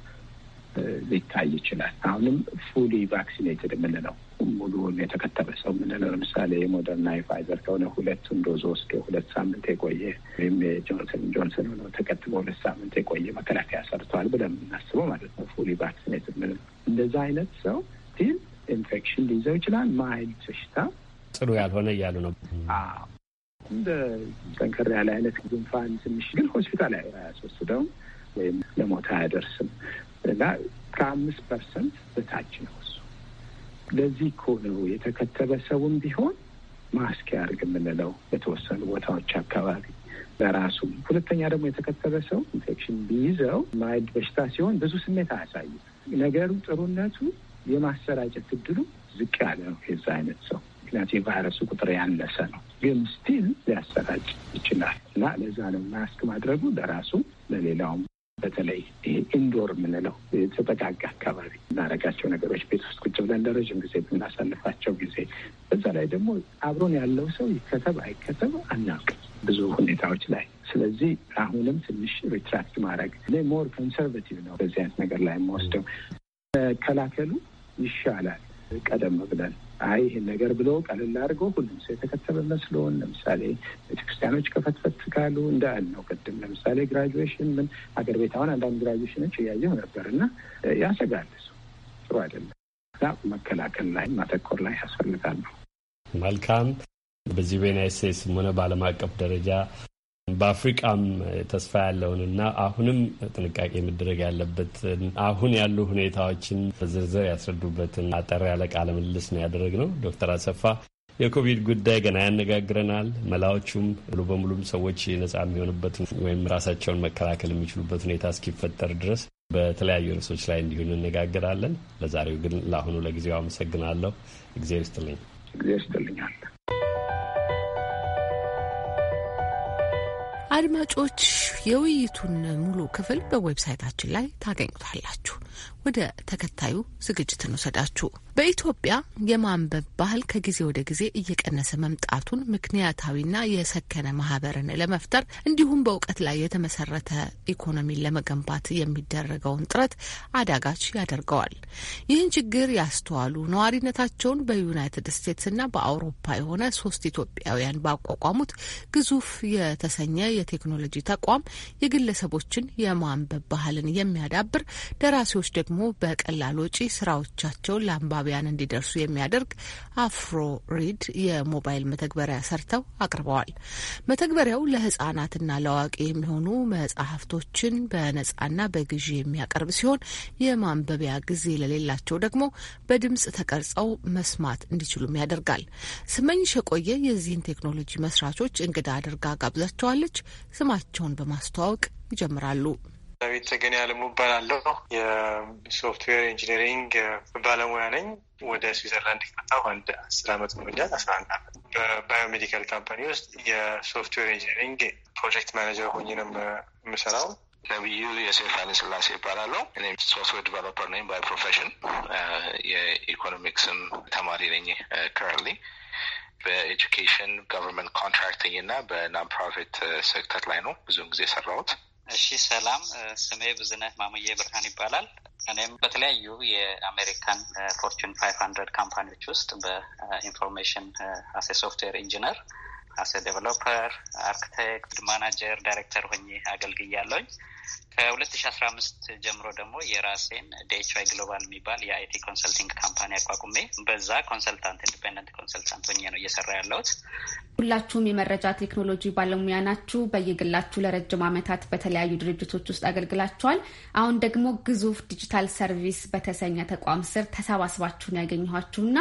ሊታይ ይችላል። አሁንም ፉሊ ቫክሲኔትድ የምንለው ሙሉውን የተከተበ ሰው የምንለው ለምሳሌ የሞደርና የፋይዘር ከሆነ ሁለቱን ዶዝ ወስዶ ሁለት ሳምንት የቆየ ወይም የጆንሰን ጆንሰን ሆነ ተከትቦ ሁለት ሳምንት የቆየ መከላከያ ሰርተዋል ብለን የምናስበው ማለት ነው። ፉሊ ቫክሲኔትድ የምንለው እንደዛ አይነት ሰው ግን ኢንፌክሽን ሊይዘው ይችላል። ማይልድ በሽታ ጥሩ ያልሆነ እያሉ ነው። ጠንከር ያለ አይነት ጉንፋን ትንሽ ግን ሆስፒታል አያስወስደውም ወይም ለሞት አያደርስም እና ከአምስት ፐርሰንት በታች ነው እሱ። ለዚህ እኮ ነው የተከተበ ሰውም ቢሆን ማስክ ያርግ የምንለው የተወሰኑ ቦታዎች አካባቢ ለራሱ። ሁለተኛ ደግሞ የተከተበ ሰው ኢንፌክሽን ቢይዘው ማይድ በሽታ ሲሆን ብዙ ስሜት አያሳይም። ነገሩ ጥሩነቱ የማሰራጨት እድሉ ዝቅ ያለ ነው የዛ አይነት ሰው ምክንያቱ የቫይረሱ ቁጥር ያነሰ ነው። ግን ስቲል ሊያሰራጭ ይችላል እና ለዛ ነው ማስክ ማድረጉ ለራሱ ለሌላውም በተለይ ይሄ ኢንዶር የምንለው የተጠጋጋ አካባቢ እናደርጋቸው ነገሮች ቤት ውስጥ ቁጭ ብለን ለረዥም ጊዜ የምናሳልፋቸው ጊዜ፣ በዛ ላይ ደግሞ አብሮን ያለው ሰው ይከተብ አይከተብ አናውቅም ብዙ ሁኔታዎች ላይ። ስለዚህ አሁንም ትንሽ ሪትራክት ማድረግ እኔ ሞር ኮንሰርቬቲቭ ነው በዚህ አይነት ነገር ላይ የምወስደው መከላከሉ ይሻላል ቀደም ብለን አይ ይህን ነገር ብሎ ቀለል አድርጎ ሁሉም ሰው የተከተበ መስሎን፣ ለምሳሌ ቤተክርስቲያኖች ከፈትፈት ካሉ እንዳል ነው ቅድም ለምሳሌ ግራጁዌሽን ምን አገር ቤት አሁን አንዳንድ ግራጁዌሽኖች እያየው ነበር እና ያሰጋል። ሰው ጥሩ አይደለም። መከላከል ላይ ማተኮር ላይ ያስፈልጋል ነው። መልካም። በዚህ በዩናይት ስቴትስም ሆነ በዓለም አቀፍ ደረጃ በአፍሪቃም ተስፋ ያለውንና አሁንም ጥንቃቄ መደረግ ያለበትን አሁን ያሉ ሁኔታዎችን ዝርዝር ያስረዱበትን አጠር ያለ ቃለ ምልልስ ነው ያደረግነው። ዶክተር አሰፋ የኮቪድ ጉዳይ ገና ያነጋግረናል። መላዎቹም ሙሉ በሙሉም ሰዎች ነጻ የሚሆንበት ወይም ራሳቸውን መከላከል የሚችሉበት ሁኔታ እስኪፈጠር ድረስ በተለያዩ ርዕሶች ላይ እንዲሁ እንነጋገራለን። ለዛሬው ግን ለአሁኑ ለጊዜው አመሰግናለሁ። እግዜር ይስጥልኝ። እግዜር ይስጥልኛል። አድማጮች፣ የውይይቱን ሙሉ ክፍል በዌብሳይታችን ላይ ታገኙታላችሁ። ወደ ተከታዩ ዝግጅትን ውሰዳችሁ። በኢትዮጵያ የማንበብ ባህል ከጊዜ ወደ ጊዜ እየቀነሰ መምጣቱን ምክንያታዊና የሰከነ ማህበርን ለመፍጠር እንዲሁም በእውቀት ላይ የተመሰረተ ኢኮኖሚን ለመገንባት የሚደረገውን ጥረት አዳጋች ያደርገዋል። ይህን ችግር ያስተዋሉ ነዋሪነታቸውን በዩናይትድ ስቴትስና በአውሮፓ የሆነ ሶስት ኢትዮጵያውያን ባቋቋሙት ግዙፍ የተሰኘ የቴክኖሎጂ ተቋም የግለሰቦችን የማንበብ ባህልን የሚያዳብር ደራሲዎች ደግሞ ደግሞ በቀላል ወጪ ስራዎቻቸውን ለአንባቢያን እንዲደርሱ የሚያደርግ አፍሮ ሪድ የሞባይል መተግበሪያ ሰርተው አቅርበዋል። መተግበሪያው ለህጻናትና ለአዋቂ የሚሆኑ መጽሐፍቶችን በነጻና በግዢ የሚያቀርብ ሲሆን የማንበቢያ ጊዜ ለሌላቸው ደግሞ በድምጽ ተቀርጸው መስማት እንዲችሉም ያደርጋል። ስመኝሽ የቆየ የዚህን ቴክኖሎጂ መስራቾች እንግዳ አድርጋ ጋብዛቸዋለች። ስማቸውን በማስተዋወቅ ይጀምራሉ። ቤት ተገን ያለሙ እባላለሁ። የሶፍትዌር ኢንጂኒሪንግ ባለሙያ ነኝ። ወደ ስዊዘርላንድ ከመጣሁ አንድ አስር አመት ሆኖኛል። አስራ አንድ አመት በባዮሜዲካል ካምፓኒ ውስጥ የሶፍትዌር ኢንጂኒሪንግ ፕሮጀክት ማኔጀር ሆኜ ነው የምሰራው። ነብዩ ዮሴፍ ኃይለ ሥላሴ ይባላለሁ። እኔም ሶፍትዌር ዲቨሎፐር ነኝ ባይ ፕሮፌሽን። የኢኮኖሚክስም ተማሪ ነኝ ከረንትሊ በኤጁኬሽን፣ ጋቨርንመንት ኮንትራክቲንግ እና በናን በናንፕሮፊት ሴክተር ላይ ነው ብዙውን ጊዜ የሰራሁት። እሺ ሰላም፣ ስሜ ብዝነህ ማሙዬ ብርሃን ይባላል። እኔም በተለያዩ የአሜሪካን ፎርቹን ፋይቭ ሀንድረድ ካምፓኒዎች ውስጥ በኢንፎርሜሽን አሴ ሶፍትዌር ኢንጂነር አሴ ዴቨሎፐር፣ አርክቴክት፣ ማናጀር፣ ዳይሬክተር ሆኜ አገልግያለሁኝ። ከ 2015 ጀምሮ ደግሞ የራሴን ዲኤችዋይ ግሎባል የሚባል የአይቲ ኮንሰልቲንግ ካምፓኒ አቋቁሜ በዛ ኮንሰልታንት ኢንዲፔንደንት ኮንሰልታንት ሆኜ ነው እየሰራ ያለሁት። ሁላችሁም የመረጃ ቴክኖሎጂ ባለሙያ ናችሁ። በየግላችሁ ለረጅም ዓመታት በተለያዩ ድርጅቶች ውስጥ አገልግላችኋል። አሁን ደግሞ ግዙፍ ዲጂታል ሰርቪስ በተሰኘ ተቋም ስር ተሰባስባችሁን ያገኘኋችሁ እና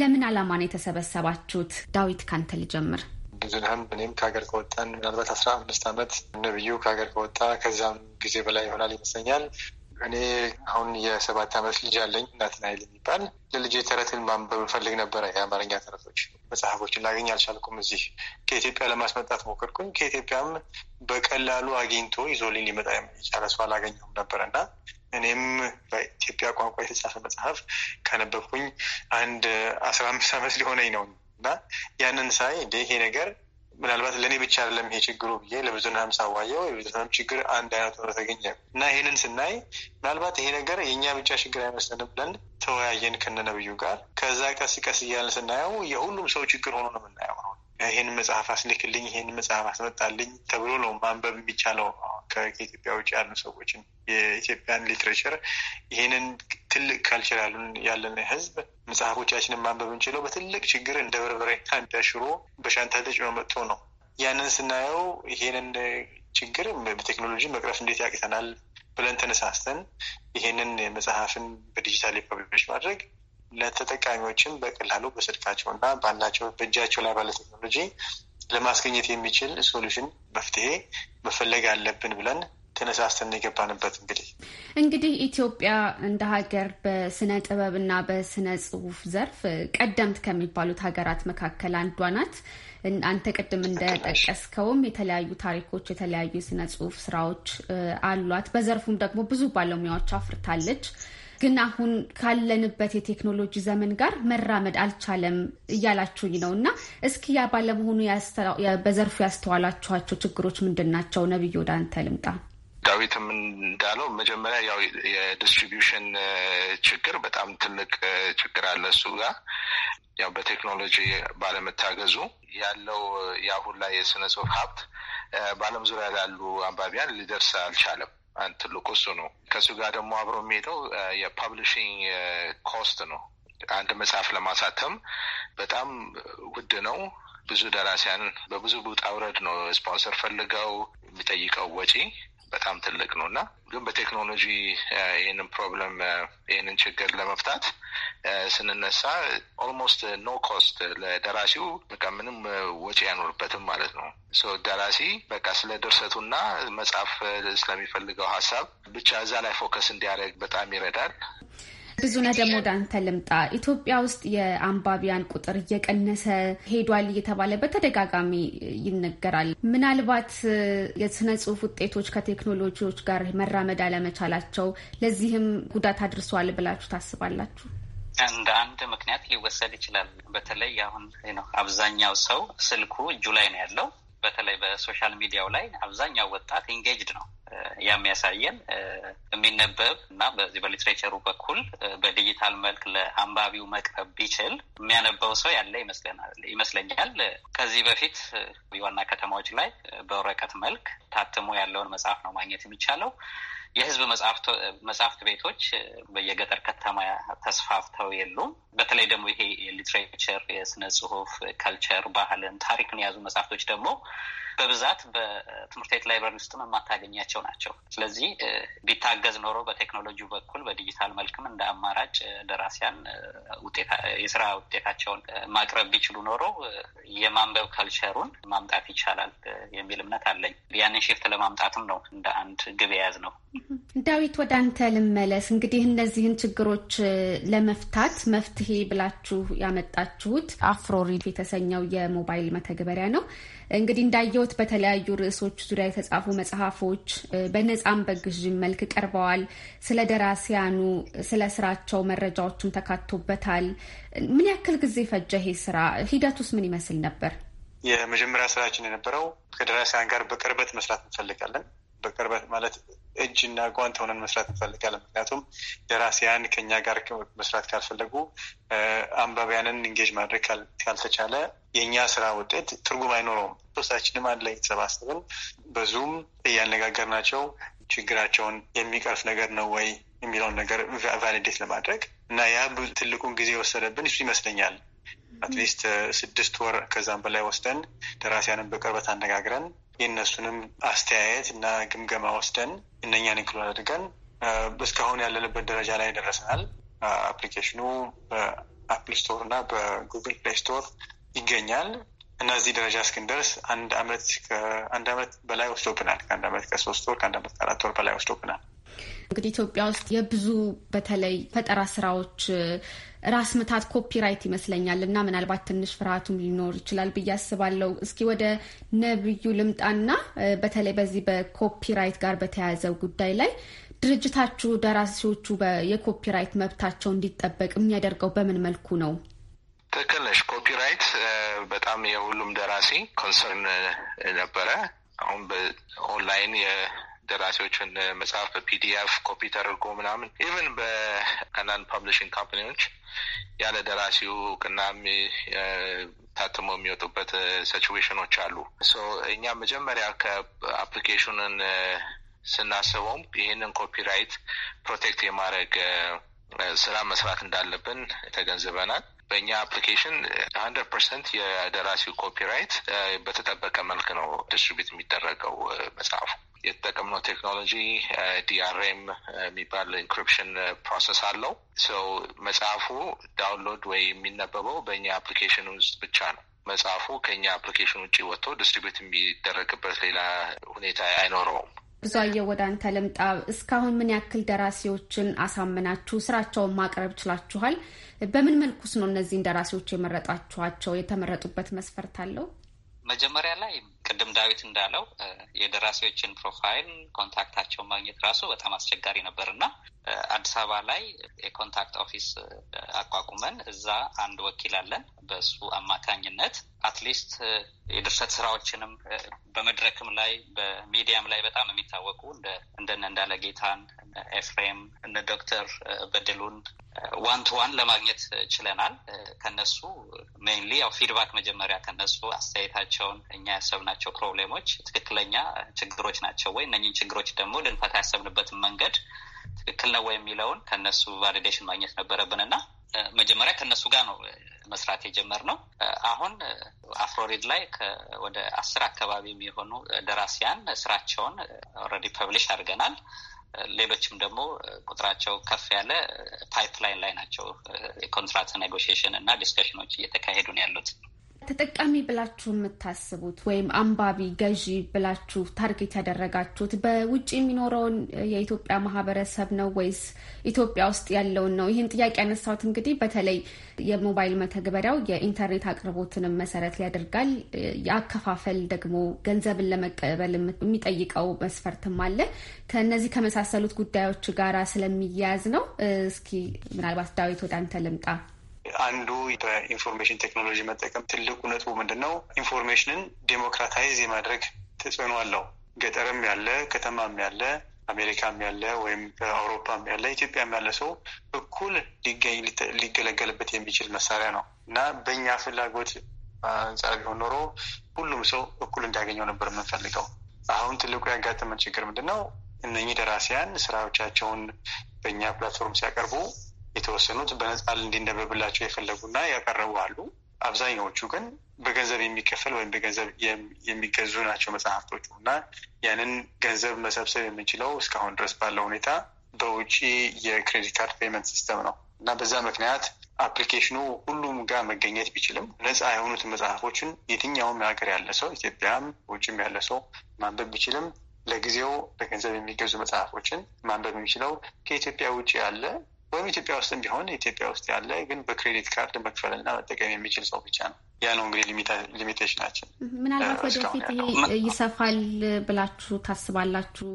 ለምን ዓላማ ነው የተሰበሰባችሁት? ዳዊት ካንተ ልጀምር። ብዙንህም እኔም ከሀገር ከወጣን ምናልባት አስራ አምስት አመት ነብዩ ከሀገር ከወጣ ከዛም ጊዜ በላይ ይሆናል ይመስለኛል። እኔ አሁን የሰባት አመት ልጅ አለኝ። እናትን ይል የሚባል ለልጅ ተረትን ማንበብ ፈልግ ነበረ። የአማርኛ ተረቶች መጽሐፎችን ላገኝ አልቻልኩም። እዚህ ከኢትዮጵያ ለማስመጣት ሞከርኩኝ። ከኢትዮጵያም በቀላሉ አግኝቶ ይዞልኝ ሊመጣ የቻለ ሰው አላገኘሁም ነበረ እና እኔም በኢትዮጵያ ቋንቋ የተጻፈ መጽሐፍ ካነበብኩኝ አንድ አስራ አምስት አመት ሊሆነኝ ነው እና ያንን ሳይ እንደ ይሄ ነገር ምናልባት ለእኔ ብቻ አይደለም ይሄ ችግሩ ብዬ ለብዙናም ሳዋየው የብዙሃንም ችግር አንድ አይነት ሆኖ ተገኘ እና ይሄንን ስናይ ምናልባት ይሄ ነገር የእኛ ብቻ ችግር አይመስለን ብለን ተወያየን ከነነብዩ ጋር። ከዛ ቀስ ቀስ እያለ ስናየው የሁሉም ሰው ችግር ሆኖ ነው የምናየው አሁን ይህን መጽሐፍ አስልክልኝ፣ ይህን መጽሐፍ አስመጣልኝ ተብሎ ነው ማንበብ የሚቻለው። ከኢትዮጵያ ውጭ ያሉ ሰዎችን የኢትዮጵያን ሊትሬቸር ይህንን ትልቅ ካልቸር ያለን ህዝብ መጽሐፎቻችንን ማንበብ እንችለው በትልቅ ችግር እንደ በርበሬና እንደ ሽሮ በሻንጣ ተጭኖ መጥቶ ነው። ያንን ስናየው ይህንን ችግር በቴክኖሎጂ መቅረፍ እንዴት ያቅተናል ብለን ተነሳስተን ይሄንን መጽሐፍን በዲጂታል ፐብሊሽ ማድረግ ለተጠቃሚዎችን በቀላሉ በስልካቸው እና ባላቸው በእጃቸው ላይ ባለ ቴክኖሎጂ ለማስገኘት የሚችል ሶሉሽን መፍትሄ መፈለግ አለብን ብለን ተነሳስተን የገባንበት እንግዲህ እንግዲህ ኢትዮጵያ እንደ ሀገር በስነ ጥበብና በስነ ጽሁፍ ዘርፍ ቀደምት ከሚባሉት ሀገራት መካከል አንዷ ናት። አንተ ቅድም እንደጠቀስከውም የተለያዩ ታሪኮች፣ የተለያዩ የስነ ጽሁፍ ስራዎች አሏት። በዘርፉም ደግሞ ብዙ ባለሙያዎች አፍርታለች። ግን አሁን ካለንበት የቴክኖሎጂ ዘመን ጋር መራመድ አልቻለም እያላችሁኝ ነው እና እስኪ ያ ባለመሆኑ በዘርፉ ያስተዋላችኋቸው ችግሮች ምንድን ናቸው? ነብዮ ወደ አንተ ልምጣ። ዳዊትም እንዳለው መጀመሪያ ያው የዲስትሪቢሽን ችግር በጣም ትልቅ ችግር አለ። እሱ ጋር ያው በቴክኖሎጂ ባለመታገዙ ያለው የአሁን ላይ የስነ ጽሁፍ ሀብት በዓለም ዙሪያ ላሉ አንባቢያን ሊደርስ አልቻለም። አንድ ትልቁ እሱ ነው። ከሱ ጋር ደግሞ አብሮ የሚሄደው የፐብሊሽንግ ኮስት ነው። አንድ መጽሐፍ ለማሳተም በጣም ውድ ነው። ብዙ ደራሲያን በብዙ ውጣ ውረድ ነው ስፖንሰር ፈልገው የሚጠይቀው ወጪ በጣም ትልቅ ነው እና ግን በቴክኖሎጂ ይህንን ፕሮብለም ይህንን ችግር ለመፍታት ስንነሳ ኦልሞስት ኖ ኮስት ለደራሲው በቃ ምንም ወጪ አይኖርበትም ማለት ነው። ደራሲ በቃ ስለ ድርሰቱና መጽሐፍ ስለሚፈልገው ሀሳብ ብቻ እዛ ላይ ፎከስ እንዲያደርግ በጣም ይረዳል። ብዙነህ ደግሞ ወደ አንተ ልምጣ። ኢትዮጵያ ውስጥ የአንባቢያን ቁጥር እየቀነሰ ሄዷል እየተባለ በተደጋጋሚ ይነገራል። ምናልባት የስነ ጽሁፍ ውጤቶች ከቴክኖሎጂዎች ጋር መራመድ አለመቻላቸው ለዚህም ጉዳት አድርሰዋል ብላችሁ ታስባላችሁ? እንደ አንድ ምክንያት ሊወሰድ ይችላል። በተለይ አሁን አብዛኛው ሰው ስልኩ እጁ ላይ ነው ያለው በተለይ በሶሻል ሚዲያው ላይ አብዛኛው ወጣት ኢንጌጅድ ነው። ያ የሚያሳየን የሚነበብ እና በዚህ በሊትሬቸሩ በኩል በዲጂታል መልክ ለአንባቢው መቅረብ ቢችል የሚያነበው ሰው ያለ ይመስለኛል። ከዚህ በፊት የዋና ከተማዎች ላይ በወረቀት መልክ ታትሞ ያለውን መጽሐፍ ነው ማግኘት የሚቻለው። የህዝብ መጽሐፍት ቤቶች በየገጠር ከተማ ተስፋፍተው የሉም። በተለይ ደግሞ ይሄ የሊትሬቸር የስነ ጽሁፍ፣ ከልቸር፣ ባህልን፣ ታሪክን የያዙ መጽሐፍቶች ደግሞ በብዛት በትምህርት ቤት ላይብረሪ ውስጥም የማታገኛቸው ናቸው። ስለዚህ ቢታገዝ ኖሮ በቴክኖሎጂ በኩል በዲጂታል መልክም እንደ አማራጭ ደራሲያን የስራ ውጤታቸውን ማቅረብ ቢችሉ ኖሮ የማንበብ ካልቸሩን ማምጣት ይቻላል የሚል እምነት አለኝ። ያንን ሽፍት ለማምጣትም ነው እንደ አንድ ግብ የያዝ ነው። ዳዊት ወደ አንተ ልመለስ። እንግዲህ እነዚህን ችግሮች ለመፍታት መፍትሄ ብላችሁ ያመጣችሁት አፍሮሪድ የተሰኘው የሞባይል መተግበሪያ ነው። እንግዲህ እንዳየሁት በተለያዩ ርዕሶች ዙሪያ የተጻፉ መጽሐፎች በነፃም በግዥም መልክ ቀርበዋል። ስለ ደራሲያኑ ስለ ስራቸው መረጃዎችም ተካቶበታል። ምን ያክል ጊዜ ፈጀ ይሄ ስራ? ሂደቱስ ምን ይመስል ነበር? የመጀመሪያ ስራችን የነበረው ከደራሲያን ጋር በቅርበት መስራት እንፈልጋለን በቅርበት ማለት እጅና ጓንት ሆነን መስራት እንፈልጋለን። ምክንያቱም ደራሲያን ከኛ ጋር መስራት ካልፈለጉ፣ አንባቢያንን እንጌጅ ማድረግ ካልተቻለ የእኛ ስራ ውጤት ትርጉም አይኖረውም። ሶስታችንም አንድ ላይ የተሰባሰብን በዙም እያነጋገርናቸው ችግራቸውን የሚቀርፍ ነገር ነው ወይ የሚለውን ነገር ቫሊዴት ለማድረግ እና ያ ትልቁን ጊዜ የወሰደብን እሱ ይመስለኛል። አትሊስት ስድስት ወር ከዛም በላይ ወስደን ደራሲያንን በቅርበት አነጋግረን የእነሱንም አስተያየት እና ግምገማ ወስደን እነኛን ኢንክሉድ አድርገን እስካሁን ያለንበት ደረጃ ላይ ደረሰናል። አፕሊኬሽኑ በአፕል ስቶር እና በጉግል ፕሌይ ስቶር ይገኛል። እነዚህ ደረጃ እስክንደርስ አንድ አመት ከአንድ አመት በላይ ወስዶብናል። ከአንድ አመት ከሶስት ወር ከአንድ አመት ከአራት ወር በላይ ወስዶብናል። እንግዲህ ኢትዮጵያ ውስጥ የብዙ በተለይ ፈጠራ ስራዎች ራስ ምታት ኮፒራይት ይመስለኛል እና ምናልባት ትንሽ ፍርሃቱም ሊኖር ይችላል ብዬ አስባለሁ። እስኪ ወደ ነብዩ ልምጣና በተለይ በዚህ በኮፒራይት ጋር በተያያዘው ጉዳይ ላይ ድርጅታችሁ ደራሲዎቹ የኮፒራይት መብታቸው እንዲጠበቅ የሚያደርገው በምን መልኩ ነው? ትክክል ነሽ። ኮፒራይት በጣም የሁሉም ደራሲ ኮንሰርን ነበረ። አሁን በኦንላይን ደራሲዎችን መጽሐፍ በፒዲኤፍ ኮፒ ተደርጎ ምናምን ኢቨን በአንዳንድ ፐብሊሽንግ ካምፓኒዎች ያለ ደራሲው ቅናም ታትሞ የሚወጡበት ሲቹዌሽኖች አሉ። እኛ መጀመሪያ ከአፕሊኬሽኑን ስናስበውም ይህንን ኮፒራይት ፕሮቴክት የማድረግ ስራ መስራት እንዳለብን ተገንዝበናል። በእኛ አፕሊኬሽን ሀንድረድ ፐርሰንት የደራሲው ኮፒራይት በተጠበቀ መልክ ነው ዲስትሪቢዩት የሚደረገው መጽሐፉ። የተጠቀምነው ቴክኖሎጂ ዲአርኤም የሚባል ኢንክሪፕሽን ፕሮሰስ አለው። ሰው መጽሐፉ ዳውንሎድ ወይ የሚነበበው በእኛ አፕሊኬሽን ውስጥ ብቻ ነው። መጽሐፉ ከእኛ አፕሊኬሽን ውጭ ወጥቶ ዲስትሪቢዩት የሚደረግበት ሌላ ሁኔታ አይኖረውም። ብዙ አየሁ ወደ አንተ ልምጣ። እስካሁን ምን ያክል ደራሲዎችን አሳምናችሁ ስራቸውን ማቅረብ ችላችኋል? በምን መልኩስ ነው እነዚህ እንደራሴዎች የመረጣችኋቸው? የተመረጡበት መስፈርት አለው? መጀመሪያ ላይ ቅድም ዳዊት እንዳለው የደራሲዎችን ፕሮፋይል ኮንታክታቸውን ማግኘት ራሱ በጣም አስቸጋሪ ነበር እና አዲስ አበባ ላይ የኮንታክት ኦፊስ አቋቁመን እዛ አንድ ወኪል አለን። በሱ አማካኝነት አትሊስት የድርሰት ስራዎችንም በመድረክም ላይ በሚዲያም ላይ በጣም የሚታወቁ እንደነ እንዳለ ጌታን፣ ኤፍሬም፣ እነ ዶክተር በድሉን ዋን ቱ ዋን ለማግኘት ችለናል። ከነሱ ሜንሊ ያው ፊድባክ መጀመሪያ ከነሱ አስተያየታቸውን እኛ ያሰብናቸው ፕሮብሌሞች ትክክለኛ ችግሮች ናቸው ወይ፣ እነኝን ችግሮች ደግሞ ልንፈታ ያሰብንበትን መንገድ ትክክል ነው ወይ የሚለውን ከነሱ ቫሊዴሽን ማግኘት ነበረብን እና መጀመሪያ ከነሱ ጋር ነው መስራት የጀመርነው። አሁን አፍሮሪድ ላይ ወደ አስር አካባቢ የሚሆኑ ደራሲያን ስራቸውን ኦልሬዲ ፐብሊሽ አድርገናል። ሌሎችም ደግሞ ቁጥራቸው ከፍ ያለ ፓይፕላይን ላይ ናቸው። የኮንትራት ኔጎሽሽን እና ዲስከሽኖች እየተካሄዱ ነው ያሉት። ተጠቃሚ ብላችሁ የምታስቡት ወይም አንባቢ ገዢ ብላችሁ ታርጌት ያደረጋችሁት በውጭ የሚኖረውን የኢትዮጵያ ማህበረሰብ ነው ወይስ ኢትዮጵያ ውስጥ ያለውን ነው? ይህን ጥያቄ ያነሳሁት እንግዲህ በተለይ የሞባይል መተግበሪያው የኢንተርኔት አቅርቦትንም መሰረት ያደርጋል። የአከፋፈል ደግሞ ገንዘብን ለመቀበል የሚጠይቀው መስፈርትም አለ። ከእነዚህ ከመሳሰሉት ጉዳዮች ጋራ ስለሚያያዝ ነው። እስኪ ምናልባት ዳዊት ወደ አንተ ልምጣ። አንዱ በኢንፎርሜሽን ቴክኖሎጂ መጠቀም ትልቁ ነጥቡ ምንድን ነው? ኢንፎርሜሽንን ዴሞክራታይዝ የማድረግ ተጽዕኖ አለው። ገጠርም ያለ ከተማም ያለ አሜሪካም ያለ ወይም አውሮፓም ያለ ኢትዮጵያም ያለ ሰው እኩል ሊገኝ ሊገለገልበት የሚችል መሳሪያ ነው እና በእኛ ፍላጎት አንጻር ቢሆን ኖሮ ሁሉም ሰው እኩል እንዲያገኘው ነበር የምንፈልገው። አሁን ትልቁ ያጋጠመን ችግር ምንድን ነው? እነኚህ ደራሲያን ስራዎቻቸውን በእኛ ፕላትፎርም ሲያቀርቡ የተወሰኑት በነጻ እንዲነበብላቸው የፈለጉና ያቀረቡ አሉ። አብዛኛዎቹ ግን በገንዘብ የሚከፈል ወይም በገንዘብ የሚገዙ ናቸው መጽሐፍቶቹ እና ያንን ገንዘብ መሰብሰብ የምንችለው እስካሁን ድረስ ባለው ሁኔታ በውጪ የክሬዲት ካርድ ፔመንት ሲስተም ነው እና በዛ ምክንያት አፕሊኬሽኑ ሁሉም ጋር መገኘት ቢችልም ነፃ የሆኑት መጽሐፎችን የትኛውም ሀገር ያለ ሰው ኢትዮጵያም ውጭም ያለ ሰው ማንበብ ቢችልም ለጊዜው በገንዘብ የሚገዙ መጽሐፎችን ማንበብ የሚችለው ከኢትዮጵያ ውጭ ያለ ወይም ኢትዮጵያ ውስጥ ቢሆን ኢትዮጵያ ውስጥ ያለ ግን በክሬዲት ካርድ መክፈል እና መጠቀም የሚችል ሰው ብቻ ነው። ያ ነው እንግዲህ ሊሚቴሽናችን። ምናልባት ወደፊት ይሄ ይሰፋል ብላችሁ ታስባላችሁ?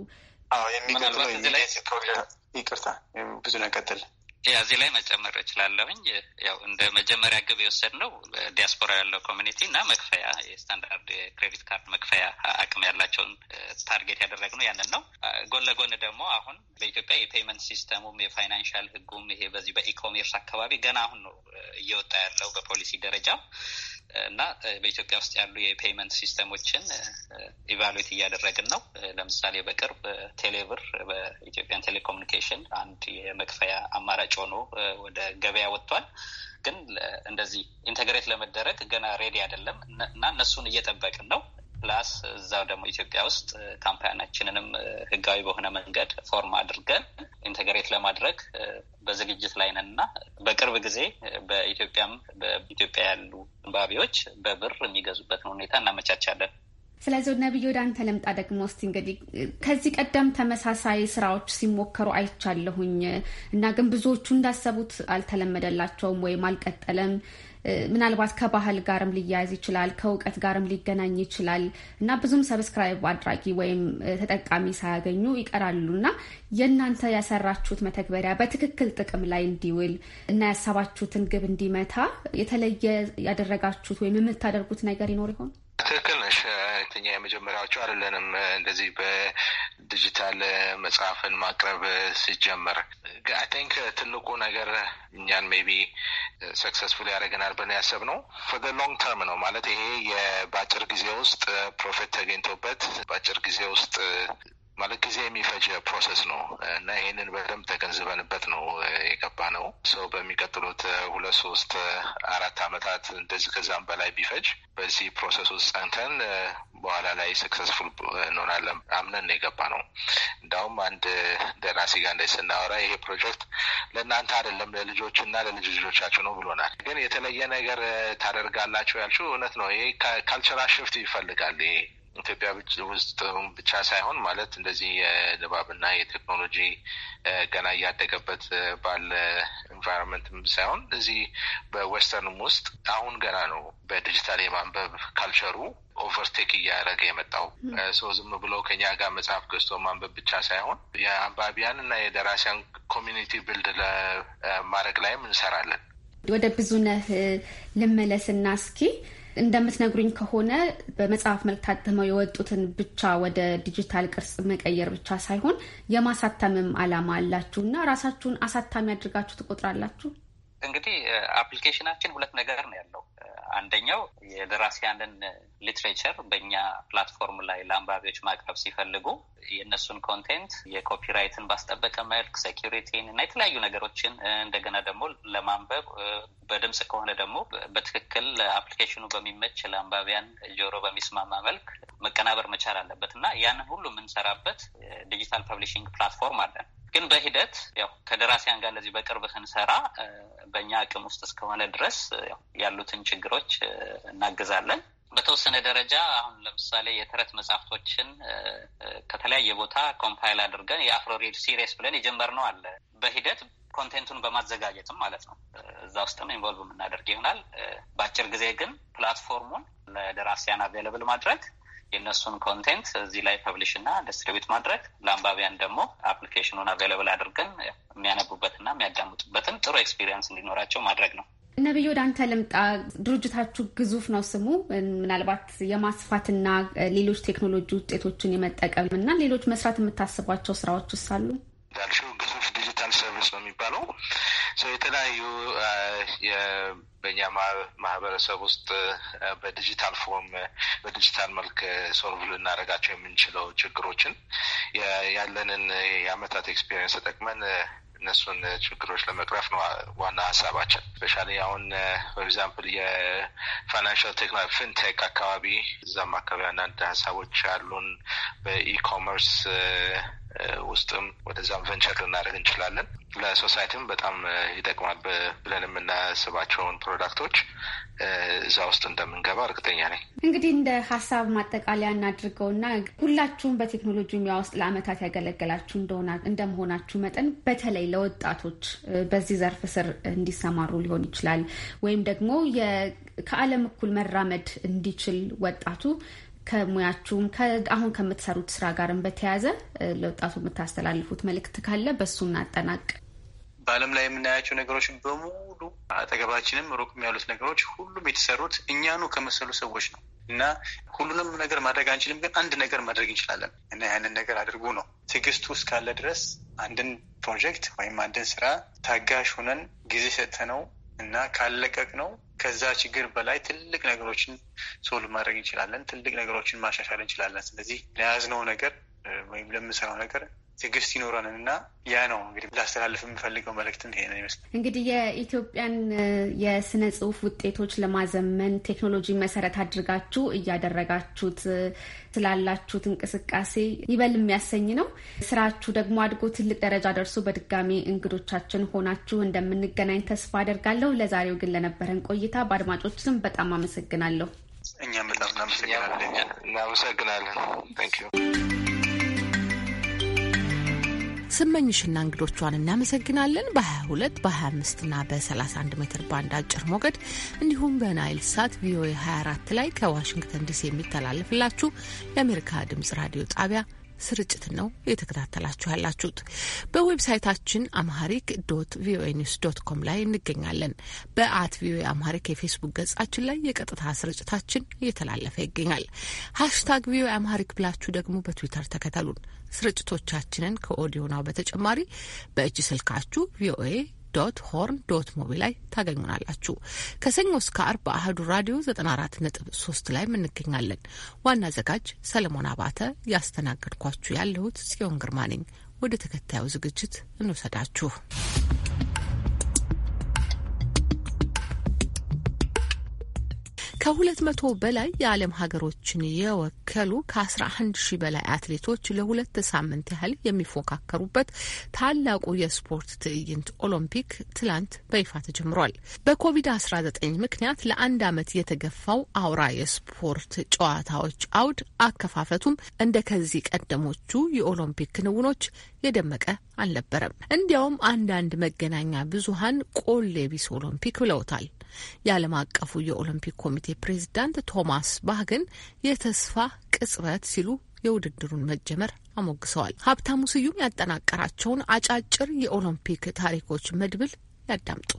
ይቅርታ ብዙ ነው ቀጥል ያ እዚህ ላይ መጨመር እችላለሁኝ። ያው እንደ መጀመሪያ ግብ የወሰድነው ዲያስፖራ ያለው ኮሚኒቲ እና መክፈያ የስታንዳርድ የክሬዲት ካርድ መክፈያ አቅም ያላቸውን ታርጌት ያደረግነው ያንን ነው። ጎን ለጎን ደግሞ አሁን በኢትዮጵያ የፔይመንት ሲስተሙም የፋይናንሻል ሕጉም ይሄ በዚህ በኢኮሜርስ አካባቢ ገና አሁን ነው እየወጣ ያለው በፖሊሲ ደረጃ እና በኢትዮጵያ ውስጥ ያሉ የፔይመንት ሲስተሞችን ኢቫሉዌት እያደረግን ነው። ለምሳሌ በቅርብ ቴሌብር በኢትዮጵያን ቴሌኮሙኒኬሽን አንድ የመክፈያ አማራጭ ሆኖ ወደ ገበያ ወጥቷል። ግን እንደዚህ ኢንተግሬት ለመደረግ ገና ሬዲ አይደለም እና እነሱን እየጠበቅን ነው። ፕላስ እዛው ደግሞ ኢትዮጵያ ውስጥ ካምፓናችንንም ህጋዊ በሆነ መንገድ ፎርም አድርገን ኢንተግሬት ለማድረግ በዝግጅት ላይ ነን እና በቅርብ ጊዜ በኢትዮጵያም በኢትዮጵያ ያሉ አንባቢዎች በብር የሚገዙበትን ሁኔታ እናመቻቻለን። ስለዚህ ወደ ወደ አንተ ልምጣ። ደግሞ እስቲ እንግዲህ ከዚህ ቀደም ተመሳሳይ ስራዎች ሲሞከሩ አይቻለሁኝ እና ግን ብዙዎቹ እንዳሰቡት አልተለመደላቸውም ወይም አልቀጠለም። ምናልባት ከባህል ጋርም ሊያያዝ ይችላል፣ ከእውቀት ጋርም ሊገናኝ ይችላል እና ብዙም ሰብስክራይብ አድራጊ ወይም ተጠቃሚ ሳያገኙ ይቀራሉ እና የእናንተ ያሰራችሁት መተግበሪያ በትክክል ጥቅም ላይ እንዲውል እና ያሰባችሁትን ግብ እንዲመታ የተለየ ያደረጋችሁት ወይም የምታደርጉት ነገር ይኖር ይሆን? ትክክል ነሽ። እኛ የመጀመሪያዎቹ አይደለንም። እንደዚህ በዲጂታል መጽሐፍን ማቅረብ ሲጀመር አይ ቲንክ ትልቁ ነገር እኛን ሜቢ ሰክሰስፉል ያደረገናል ብለን ያሰብነው ፎር ሎንግ ተርም ነው ማለት ይሄ በአጭር ጊዜ ውስጥ ፕሮፊት ተገኝቶበት በአጭር ጊዜ ውስጥ ማለት ጊዜ የሚፈጅ ፕሮሰስ ነው እና ይህንን በደንብ ተገንዝበንበት ነው የገባ ነው። ሰው በሚቀጥሉት ሁለት ሶስት አራት አመታት እንደዚህ ከዛም በላይ ቢፈጅ በዚህ ፕሮሰስ ውስጥ ጸንተን በኋላ ላይ ሰክሰስፉል እንሆናለን አምነን የገባ ነው። እንዳውም አንድ ደራሲ ጋር እንደ ስናወራ ይሄ ፕሮጀክት ለእናንተ አይደለም ለልጆች እና ለልጅ ልጆቻችሁ ነው ብሎናል። ግን የተለየ ነገር ታደርጋላችሁ ያልችው እውነት ነው። ይሄ ካልቸራል ሽፍት ይፈልጋል ይሄ ኢትዮጵያ ውስጥ ብቻ ሳይሆን ማለት እንደዚህ የንባብና የቴክኖሎጂ ገና እያደገበት ባለ ኢንቫይሮንመንትም ሳይሆን እዚህ በዌስተርንም ውስጥ አሁን ገና ነው በዲጂታል የማንበብ ካልቸሩ ኦቨርቴክ እያደረገ የመጣው ሰው ዝም ብሎ ከኛ ጋር መጽሐፍ ገዝቶ ማንበብ ብቻ ሳይሆን የአንባቢያን እና የደራሲያን ኮሚኒቲ ብልድ ለማድረግ ላይም እንሰራለን። ወደ ብዙነህ ልመለስና እስኪ እንደምትነግሩኝ ከሆነ በመጽሐፍ መልክ ታትመው የወጡትን ብቻ ወደ ዲጂታል ቅርጽ መቀየር ብቻ ሳይሆን የማሳተምም ዓላማ አላችሁ እና ራሳችሁን አሳታሚ አድርጋችሁ ትቆጥራላችሁ? እንግዲህ አፕሊኬሽናችን ሁለት ነገር ነው ያለው። አንደኛው የደራሲያንን ሊትሬቸር በእኛ ፕላትፎርም ላይ ለአንባቢዎች ማቅረብ ሲፈልጉ የእነሱን ኮንቴንት የኮፒራይትን ባስጠበቀ መልክ ሴኪሪቲን እና የተለያዩ ነገሮችን እንደገና ደግሞ ለማንበብ በድምፅ ከሆነ ደግሞ በትክክል አፕሊኬሽኑ በሚመች ለአንባቢያን ጆሮ በሚስማማ መልክ መቀናበር መቻል አለበት እና ያንን ሁሉ የምንሰራበት ዲጂታል ፐብሊሽንግ ፕላትፎርም አለን። ግን በሂደት ያው ከደራሲያን ጋር እንደዚህ በቅርብ ስንሰራ በእኛ አቅም ውስጥ እስከሆነ ድረስ ያሉትን ችግሮች እናግዛለን። በተወሰነ ደረጃ አሁን ለምሳሌ የተረት መጽሐፍቶችን ከተለያየ ቦታ ኮምፓይል አድርገን የአፍሮሪድ ሲሪስ ብለን የጀመርነው አለ። በሂደት ኮንቴንቱን በማዘጋጀትም ማለት ነው። እዛ ውስጥም ኢንቮልቭ የምናደርግ ይሆናል። በአጭር ጊዜ ግን ፕላትፎርሙን ለደራሲያን አቬለብል ማድረግ የእነሱን ኮንቴንት እዚህ ላይ ፐብሊሽ እና ዲስትሪቢዩት ማድረግ ለአንባቢያን ደግሞ አፕሊኬሽኑን አቬለብል አድርገን የሚያነቡበትና የሚያዳምጡበትን ጥሩ ኤክስፒሪየንስ እንዲኖራቸው ማድረግ ነው። ነቢይ ወደ አንተ ልምጣ። ድርጅታችሁ ግዙፍ ነው ስሙ። ምናልባት የማስፋትና ሌሎች ቴክኖሎጂ ውጤቶችን የመጠቀም እና ሌሎች መስራት የምታስቧቸው ስራዎች ውስጥ አሉ? እንዳልሽው ግዙፍ ዲጂታል ሰርቪስ ነው የሚባለው። የተለያዩ በእኛ ማህበረሰብ ውስጥ በዲጂታል ፎርም በዲጂታል መልክ ሶልቭ ልናደርጋቸው የምንችለው ችግሮችን ያለንን የአመታት ኤክስፔሪንስ ተጠቅመን እነሱን ችግሮች ለመቅረፍ ነው ዋና ሀሳባችን። ስፔሻሊ አሁን ኤግዛምፕል የፋይናንሽል ቴክኖሎጂ ፊንቴክ አካባቢ እዛም አካባቢ አንዳንድ ሀሳቦች አሉን። በኢኮመርስ ውስጥም ወደዛም ቨንቸር ልናደርግ እንችላለን። ለሶሳይቲም በጣም ይጠቅማል ብለን የምናስባቸውን ፕሮዳክቶች እዛ ውስጥ እንደምንገባ እርግጠኛ ነኝ። እንግዲህ እንደ ሀሳብ ማጠቃለያ እናድርገውና ሁላችሁም በቴክኖሎጂ ሙያ ውስጥ ለአመታት ያገለገላችሁ እንደመሆናችሁ መጠን በተለይ ለወጣቶች በዚህ ዘርፍ ስር እንዲሰማሩ ሊሆን ይችላል ወይም ደግሞ ከዓለም እኩል መራመድ እንዲችል ወጣቱ ከሙያችሁም አሁን ከምትሰሩት ስራ ጋርም በተያያዘ ለወጣቱ የምታስተላልፉት መልእክት ካለ በእሱ እናጠናቅ። በዓለም ላይ የምናያቸው ነገሮች በሙሉ አጠገባችንም ሩቅም ያሉት ነገሮች ሁሉም የተሰሩት እኛኑ ከመሰሉ ሰዎች ነው እና ሁሉንም ነገር ማድረግ አንችልም፣ ግን አንድ ነገር ማድረግ እንችላለን እና ያንን ነገር አድርጉ ነው። ትዕግስቱ እስካለ ድረስ አንድን ፕሮጀክት ወይም አንድን ስራ ታጋሽ ሆነን ጊዜ ሰጥተነው እና ካለቀቅ ነው ከዛ ችግር በላይ ትልቅ ነገሮችን ሶልቭ ማድረግ እንችላለን። ትልቅ ነገሮችን ማሻሻል እንችላለን። ስለዚህ ለያዝነው ነገር ወይም ለምንሰራው ነገር ትዕግስት ይኖረን እና ያ ነው እንግዲህ ላስተላለፍ የምፈልገው መልእክት ይሄ ነው ይመስል። እንግዲህ የኢትዮጵያን የስነ ጽሁፍ ውጤቶች ለማዘመን ቴክኖሎጂ መሰረት አድርጋችሁ እያደረጋችሁት ስላላችሁት እንቅስቃሴ ይበል የሚያሰኝ ነው። ስራችሁ ደግሞ አድጎ ትልቅ ደረጃ ደርሶ በድጋሚ እንግዶቻችን ሆናችሁ እንደምንገናኝ ተስፋ አደርጋለሁ። ለዛሬው ግን ለነበረን ቆይታ በአድማጮች ስም በጣም አመሰግናለሁ። እኛም በጣም እናመሰግናለን። እናመሰግናለን። ስመኝሽና እንግዶቿን እናመሰግናለን። በ22 በ25ና በ31 ሜትር ባንድ አጭር ሞገድ እንዲሁም በናይል ሳት ቪኦኤ 24 ላይ ከዋሽንግተን ዲሲ የሚተላለፍላችሁ የአሜሪካ ድምጽ ራዲዮ ጣቢያ ስርጭት ነው እየተከታተላችሁ ያላችሁት። በዌብሳይታችን አምሃሪክ ዶት ቪኦኤ ኒውስ ዶት ኮም ላይ እንገኛለን። በአት ቪኦኤ አምሃሪክ የፌስቡክ ገጻችን ላይ የቀጥታ ስርጭታችን እየተላለፈ ይገኛል። ሀሽታግ ቪኦኤ አምሃሪክ ብላችሁ ደግሞ በትዊተር ተከተሉን። ስርጭቶቻችንን ከኦዲዮ ናው በተጨማሪ በእጅ ስልካችሁ ቪኦኤ ዶት ሆርን ዶት ሞቢ ላይ ታገኙናላችሁ። ከሰኞ እስከ አርብ በአህዱ ራዲዮ 94.3 ላይ እንገኛለን። ዋና አዘጋጅ ሰለሞን አባተ፣ ያስተናገድኳችሁ ያለሁት ጽዮን ግርማ ነኝ። ወደ ተከታዩ ዝግጅት እንውሰዳችሁ። ከሁለት መቶ በላይ የዓለም ሀገሮችን የወከሉ ከ11ሺ በላይ አትሌቶች ለሁለት ሳምንት ያህል የሚፎካከሩበት ታላቁ የስፖርት ትዕይንት ኦሎምፒክ ትላንት በይፋ ተጀምሯል። በኮቪድ-19 ምክንያት ለአንድ ዓመት የተገፋው አውራ የስፖርት ጨዋታዎች አውድ አከፋፈቱም እንደ ከዚህ ቀደሞቹ የኦሎምፒክ ክንውኖች የደመቀ አልነበረም። እንዲያውም አንዳንድ መገናኛ ብዙሃን ቆሌ ቢስ ኦሎምፒክ ብለውታል። የዓለም አቀፉ የኦሎምፒክ ኮሚቴ ፕሬዚዳንት ቶማስ ባህ ግን የተስፋ ቅጽበት ሲሉ የውድድሩን መጀመር አሞግሰዋል። ሀብታሙ ስዩም ያጠናቀራቸውን አጫጭር የኦሎምፒክ ታሪኮች መድብል ያዳምጡ።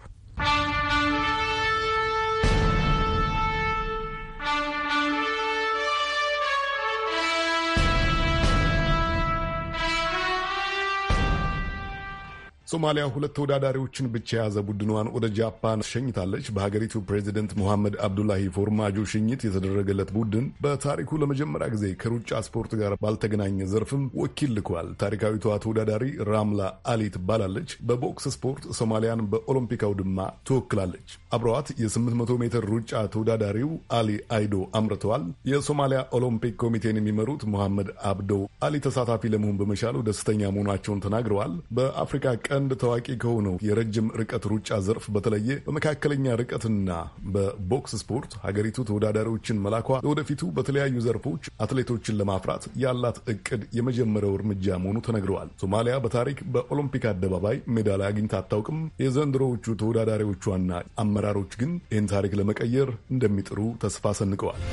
ሶማሊያ ሁለት ተወዳዳሪዎችን ብቻ የያዘ ቡድኗን ወደ ጃፓን ሸኝታለች። በሀገሪቱ ፕሬዚደንት ሙሐመድ አብዱላሂ ፎርማጆ ሽኝት የተደረገለት ቡድን በታሪኩ ለመጀመሪያ ጊዜ ከሩጫ ስፖርት ጋር ባልተገናኘ ዘርፍም ወኪል ልኳል። ታሪካዊቷ ተወዳዳሪ ራምላ አሊ ትባላለች። በቦክስ ስፖርት ሶማሊያን በኦሎምፒክ አውድማ ትወክላለች። አብረዋት የ800 ሜትር ሩጫ ተወዳዳሪው አሊ አይዶ አምርተዋል። የሶማሊያ ኦሎምፒክ ኮሚቴን የሚመሩት ሙሐመድ አብዶ አሊ ተሳታፊ ለመሆን በመቻሉ ደስተኛ መሆናቸውን ተናግረዋል። በአፍሪካ ቀ ቀንድ ታዋቂ ከሆነው የረጅም ርቀት ሩጫ ዘርፍ በተለየ በመካከለኛ ርቀትና በቦክስ ስፖርት ሀገሪቱ ተወዳዳሪዎችን መላኳ ለወደፊቱ በተለያዩ ዘርፎች አትሌቶችን ለማፍራት ያላት እቅድ የመጀመሪያው እርምጃ መሆኑ ተነግረዋል። ሶማሊያ በታሪክ በኦሎምፒክ አደባባይ ሜዳሊያ አግኝታ አታውቅም። የዘንድሮዎቹ ተወዳዳሪዎቿና አመራሮች ግን ይህን ታሪክ ለመቀየር እንደሚጥሩ ተስፋ ሰንቀዋል።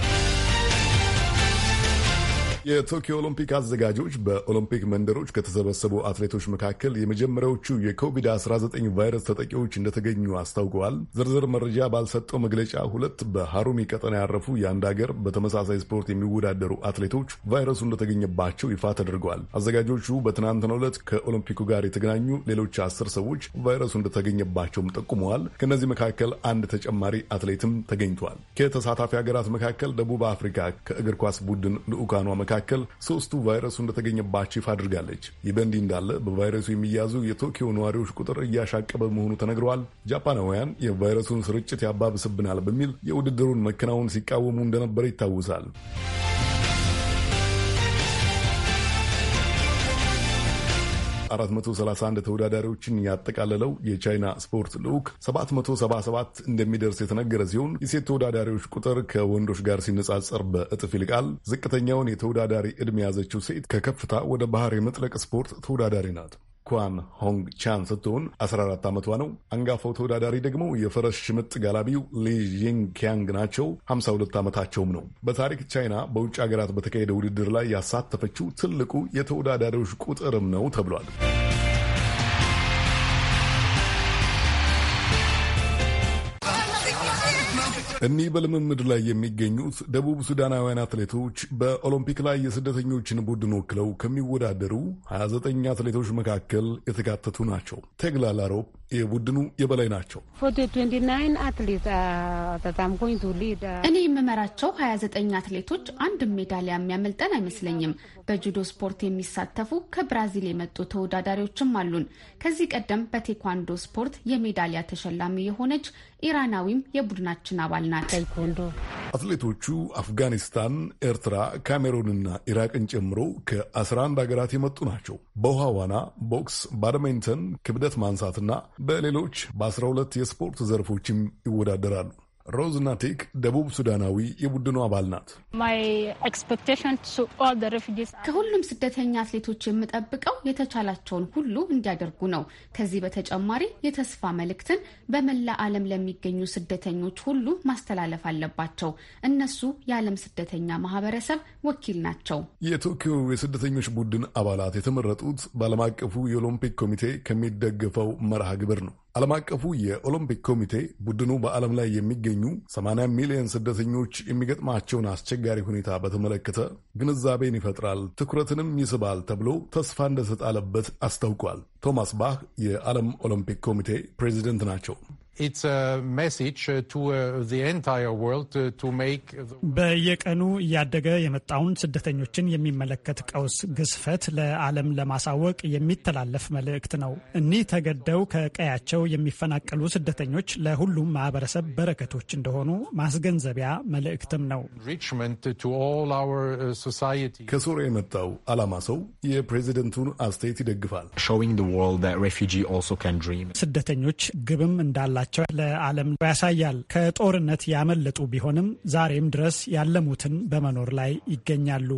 የቶኪዮ ኦሎምፒክ አዘጋጆች በኦሎምፒክ መንደሮች ከተሰበሰቡ አትሌቶች መካከል የመጀመሪያዎቹ የኮቪድ-19 ቫይረስ ተጠቂዎች እንደተገኙ አስታውቀዋል። ዝርዝር መረጃ ባልሰጠው መግለጫ ሁለት በሐሩሚ ቀጠና ያረፉ የአንድ ሀገር በተመሳሳይ ስፖርት የሚወዳደሩ አትሌቶች ቫይረሱ እንደተገኘባቸው ይፋ ተደርገዋል። አዘጋጆቹ በትናንትናው ዕለት ከኦሎምፒኩ ጋር የተገናኙ ሌሎች አስር ሰዎች ቫይረሱ እንደተገኘባቸውም ጠቁመዋል። ከእነዚህ መካከል አንድ ተጨማሪ አትሌትም ተገኝቷል። ከተሳታፊ ሀገራት መካከል ደቡብ አፍሪካ ከእግር ኳስ ቡድን ልዑካኗ መካከል መካከል ሶስቱ ቫይረሱ እንደተገኘባቸው ይፋ አድርጋለች። ይህ በእንዲህ እንዳለ በቫይረሱ የሚያዙ የቶኪዮ ነዋሪዎች ቁጥር እያሻቀበ መሆኑ ተነግረዋል። ጃፓናውያን የቫይረሱን ስርጭት ያባብስብናል በሚል የውድድሩን መከናወን ሲቃወሙ እንደነበረ ይታወሳል። 431 ተወዳዳሪዎችን ያጠቃለለው የቻይና ስፖርት ልዑክ 777 እንደሚደርስ የተነገረ ሲሆን የሴት ተወዳዳሪዎች ቁጥር ከወንዶች ጋር ሲነጻጸር በእጥፍ ይልቃል። ዝቅተኛውን የተወዳዳሪ ዕድሜ የያዘችው ሴት ከከፍታ ወደ ባህር የመጥለቅ ስፖርት ተወዳዳሪ ናት። ኳን ሆንግ ቻን ስትሆን 14 ዓመቷ ነው። አንጋፋው ተወዳዳሪ ደግሞ የፈረስ ሽምጥ ጋላቢው ሊ ጂንግ ኪያንግ ናቸው። 52 ዓመታቸውም ነው። በታሪክ ቻይና በውጭ ሀገራት በተካሄደ ውድድር ላይ ያሳተፈችው ትልቁ የተወዳዳሪዎች ቁጥርም ነው ተብሏል። እኒህ በልምምድ ላይ የሚገኙት ደቡብ ሱዳናውያን አትሌቶች በኦሎምፒክ ላይ የስደተኞችን ቡድን ወክለው ከሚወዳደሩ 29 አትሌቶች መካከል የተካተቱ ናቸው። ተግላ ላሮፕ የቡድኑ የበላይ ናቸው። uh, uh, እኔ የምመራቸው 29 አትሌቶች አንድ ሜዳሊያ የሚያመልጠን አይመስለኝም። በጁዶ ስፖርት የሚሳተፉ ከብራዚል የመጡ ተወዳዳሪዎችም አሉን። ከዚህ ቀደም በቴኳንዶ ስፖርት የሜዳሊያ ተሸላሚ የሆነች ኢራናዊም የቡድናችን አባል ናት። አትሌቶቹ አፍጋኒስታን፣ ኤርትራ፣ ካሜሩንና ኢራቅን ጨምሮ ከ11 ሀገራት የመጡ ናቸው። በውሃ ዋና፣ ቦክስ፣ ባድሚንተን፣ ክብደት ማንሳትና በሌሎች በ12 የስፖርት ዘርፎችም ይወዳደራሉ። ሮዝ ናቴክ ደቡብ ሱዳናዊ የቡድኑ አባል ናት። ከሁሉም ስደተኛ አትሌቶች የምጠብቀው የተቻላቸውን ሁሉ እንዲያደርጉ ነው። ከዚህ በተጨማሪ የተስፋ መልእክትን በመላ ዓለም ለሚገኙ ስደተኞች ሁሉ ማስተላለፍ አለባቸው። እነሱ የዓለም ስደተኛ ማህበረሰብ ወኪል ናቸው። የቶኪዮ የስደተኞች ቡድን አባላት የተመረጡት በዓለም አቀፉ የኦሎምፒክ ኮሚቴ ከሚደገፈው መርሃ ግብር ነው። ዓለም አቀፉ የኦሎምፒክ ኮሚቴ ቡድኑ በዓለም ላይ የሚገኙ 80 ሚሊዮን ስደተኞች የሚገጥማቸውን አስቸጋሪ ሁኔታ በተመለከተ ግንዛቤን ይፈጥራል፣ ትኩረትንም ይስባል ተብሎ ተስፋ እንደተጣለበት አስታውቋል። ቶማስ ባህ የዓለም ኦሎምፒክ ኮሚቴ ፕሬዚደንት ናቸው። በየቀኑ እያደገ የመጣውን ስደተኞችን የሚመለከት ቀውስ ግዝፈት ለዓለም ለማሳወቅ የሚተላለፍ መልእክት ነው። እኒህ ተገደው ከቀያቸው የሚፈናቀሉ ስደተኞች ለሁሉም ማህበረሰብ በረከቶች እንደሆኑ ማስገንዘቢያ መልእክትም ነው። uh, ከሶሪያ የመጣው አላማ ሰው የፕሬዚደንቱን አስተያየት ይደግፋል። ስደተኞች ግብም እንዳላቸው እንዳላቸው ለዓለም ያሳያል። ከጦርነት ያመለጡ ቢሆንም ዛሬም ድረስ ያለሙትን በመኖር ላይ ይገኛሉ።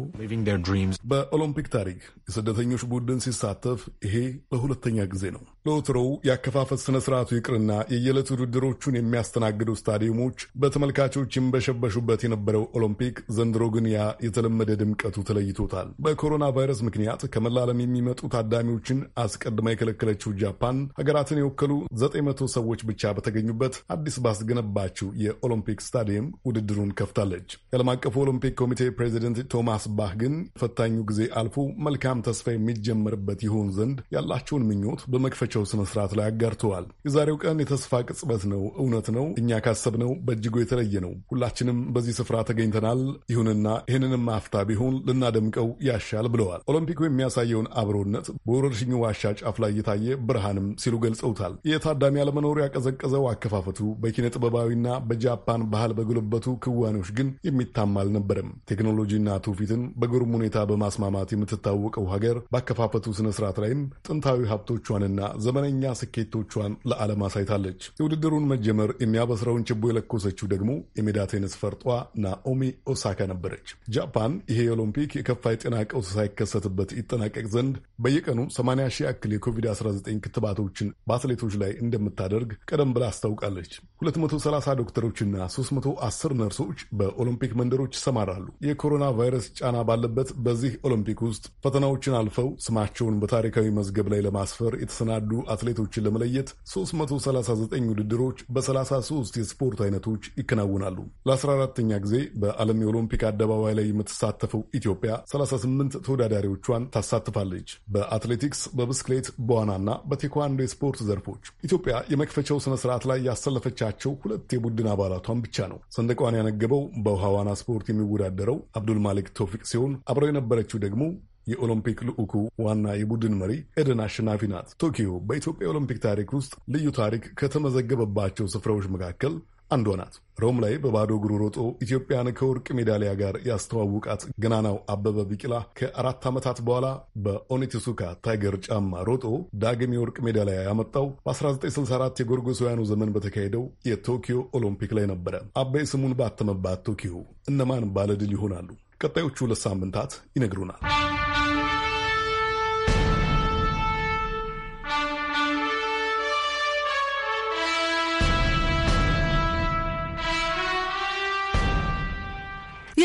በኦሎምፒክ ታሪክ የስደተኞች ቡድን ሲሳተፍ ይሄ ለሁለተኛ ጊዜ ነው። ለወትሮው የአከፋፈት ስነ ስርዓቱ ይቅርና የየዕለት ውድድሮቹን የሚያስተናግዱ ስታዲየሞች በተመልካቾች ይንበሸበሹበት የነበረው ኦሎምፒክ ዘንድሮ ግን ያ የተለመደ ድምቀቱ ተለይቶታል። በኮሮና ቫይረስ ምክንያት ከመላ ዓለም የሚመጡ ታዳሚዎችን አስቀድማ የከለከለችው ጃፓን ሀገራትን የወከሉ 900 ሰዎች ብቻ በተገኙበት አዲስ ባስገነባችው የኦሎምፒክ ስታዲየም ውድድሩን ከፍታለች። የዓለም አቀፉ ኦሎምፒክ ኮሚቴ ፕሬዚደንት ቶማስ ባህ ግን ፈታኙ ጊዜ አልፎ መልካም ተስፋ የሚጀመርበት ይሆን ዘንድ ያላቸውን ምኞት በመክፈቻ በሰጣቸው ስነ ስርዓት ላይ አጋርተዋል። የዛሬው ቀን የተስፋ ቅጽበት ነው። እውነት ነው፣ እኛ ካሰብነው በእጅጉ የተለየ ነው። ሁላችንም በዚህ ስፍራ ተገኝተናል። ይሁንና ይህንንም አፍታ ቢሆን ልናደምቀው ያሻል ብለዋል። ኦሎምፒኩ የሚያሳየውን አብሮነት በወረርሽኙ ዋሻ ጫፍ ላይ እየታየ ብርሃንም ሲሉ ገልጸውታል። የታዳሚ አለመኖሩ ያቀዘቀዘው አከፋፈቱ በኪነ ጥበባዊና በጃፓን ባህል በጎለበቱ ክዋኔዎች ግን የሚታማ አልነበረም። ቴክኖሎጂና ትውፊትን በግሩም ሁኔታ በማስማማት የምትታወቀው ሀገር በአከፋፈቱ ስነ ስርዓት ላይም ጥንታዊ ሀብቶቿንና ዘመነኛ ስኬቶቿን ለዓለም አሳይታለች። የውድድሩን መጀመር የሚያበስረውን ችቦ የለኮሰችው ደግሞ የሜዳ ቴኒስ ፈርጧ ናኦሚ ኦሳካ ነበረች። ጃፓን ይሄ የኦሎምፒክ የከፋ የጤና ቀውስ ሳይከሰትበት ይጠናቀቅ ዘንድ በየቀኑ 80 ሺህ ያክል የኮቪድ-19 ክትባቶችን በአትሌቶች ላይ እንደምታደርግ ቀደም ብላ አስታውቃለች። 230 ዶክተሮችና 310 ነርሶች በኦሎምፒክ መንደሮች ይሰማራሉ። የኮሮና ቫይረስ ጫና ባለበት በዚህ ኦሎምፒክ ውስጥ ፈተናዎችን አልፈው ስማቸውን በታሪካዊ መዝገብ ላይ ለማስፈር የተሰናዱ አትሌቶችን ለመለየት 339 ውድድሮች በ33 የስፖርት አይነቶች ይከናወናሉ ለ ለ14ተኛ ጊዜ በዓለም የኦሎምፒክ አደባባይ ላይ የምትሳተፈው ኢትዮጵያ 38 ተወዳዳሪዎቿን ታሳትፋለች። በአትሌቲክስ፣ በብስክሌት፣ በዋናና በቴኳንዶ የስፖርት ዘርፎች ኢትዮጵያ የመክፈቻው ስነ ስርዓት ላይ ያሰለፈቻቸው ሁለት የቡድን አባላቷን ብቻ ነው። ሰንደቋን ያነገበው በውሃ ዋና ስፖርት የሚወዳደረው አብዱል ማሊክ ቶፊቅ ሲሆን አብረው የነበረችው ደግሞ የኦሎምፒክ ልዑኩ ዋና የቡድን መሪ ኤደን አሸናፊ ናት። ቶኪዮ በኢትዮጵያ ኦሎምፒክ ታሪክ ውስጥ ልዩ ታሪክ ከተመዘገበባቸው ስፍራዎች መካከል አንዷ ናት። ሮም ላይ በባዶ እግሩ ሮጦ ኢትዮጵያን ከወርቅ ሜዳሊያ ጋር ያስተዋውቃት ገናናው አበበ ቢቂላ ከአራት ዓመታት በኋላ በኦኔቴሱካ ታይገር ጫማ ሮጦ ዳግም የወርቅ ሜዳሊያ ያመጣው በ1964 የጎርጎሳውያኑ ዘመን በተካሄደው የቶኪዮ ኦሎምፒክ ላይ ነበረ። አበይ ስሙን ባተመባት ቶኪዮ እነማን ባለድል ይሆናሉ? ቀጣዮቹ ሁለት ሳምንታት ይነግሩናል።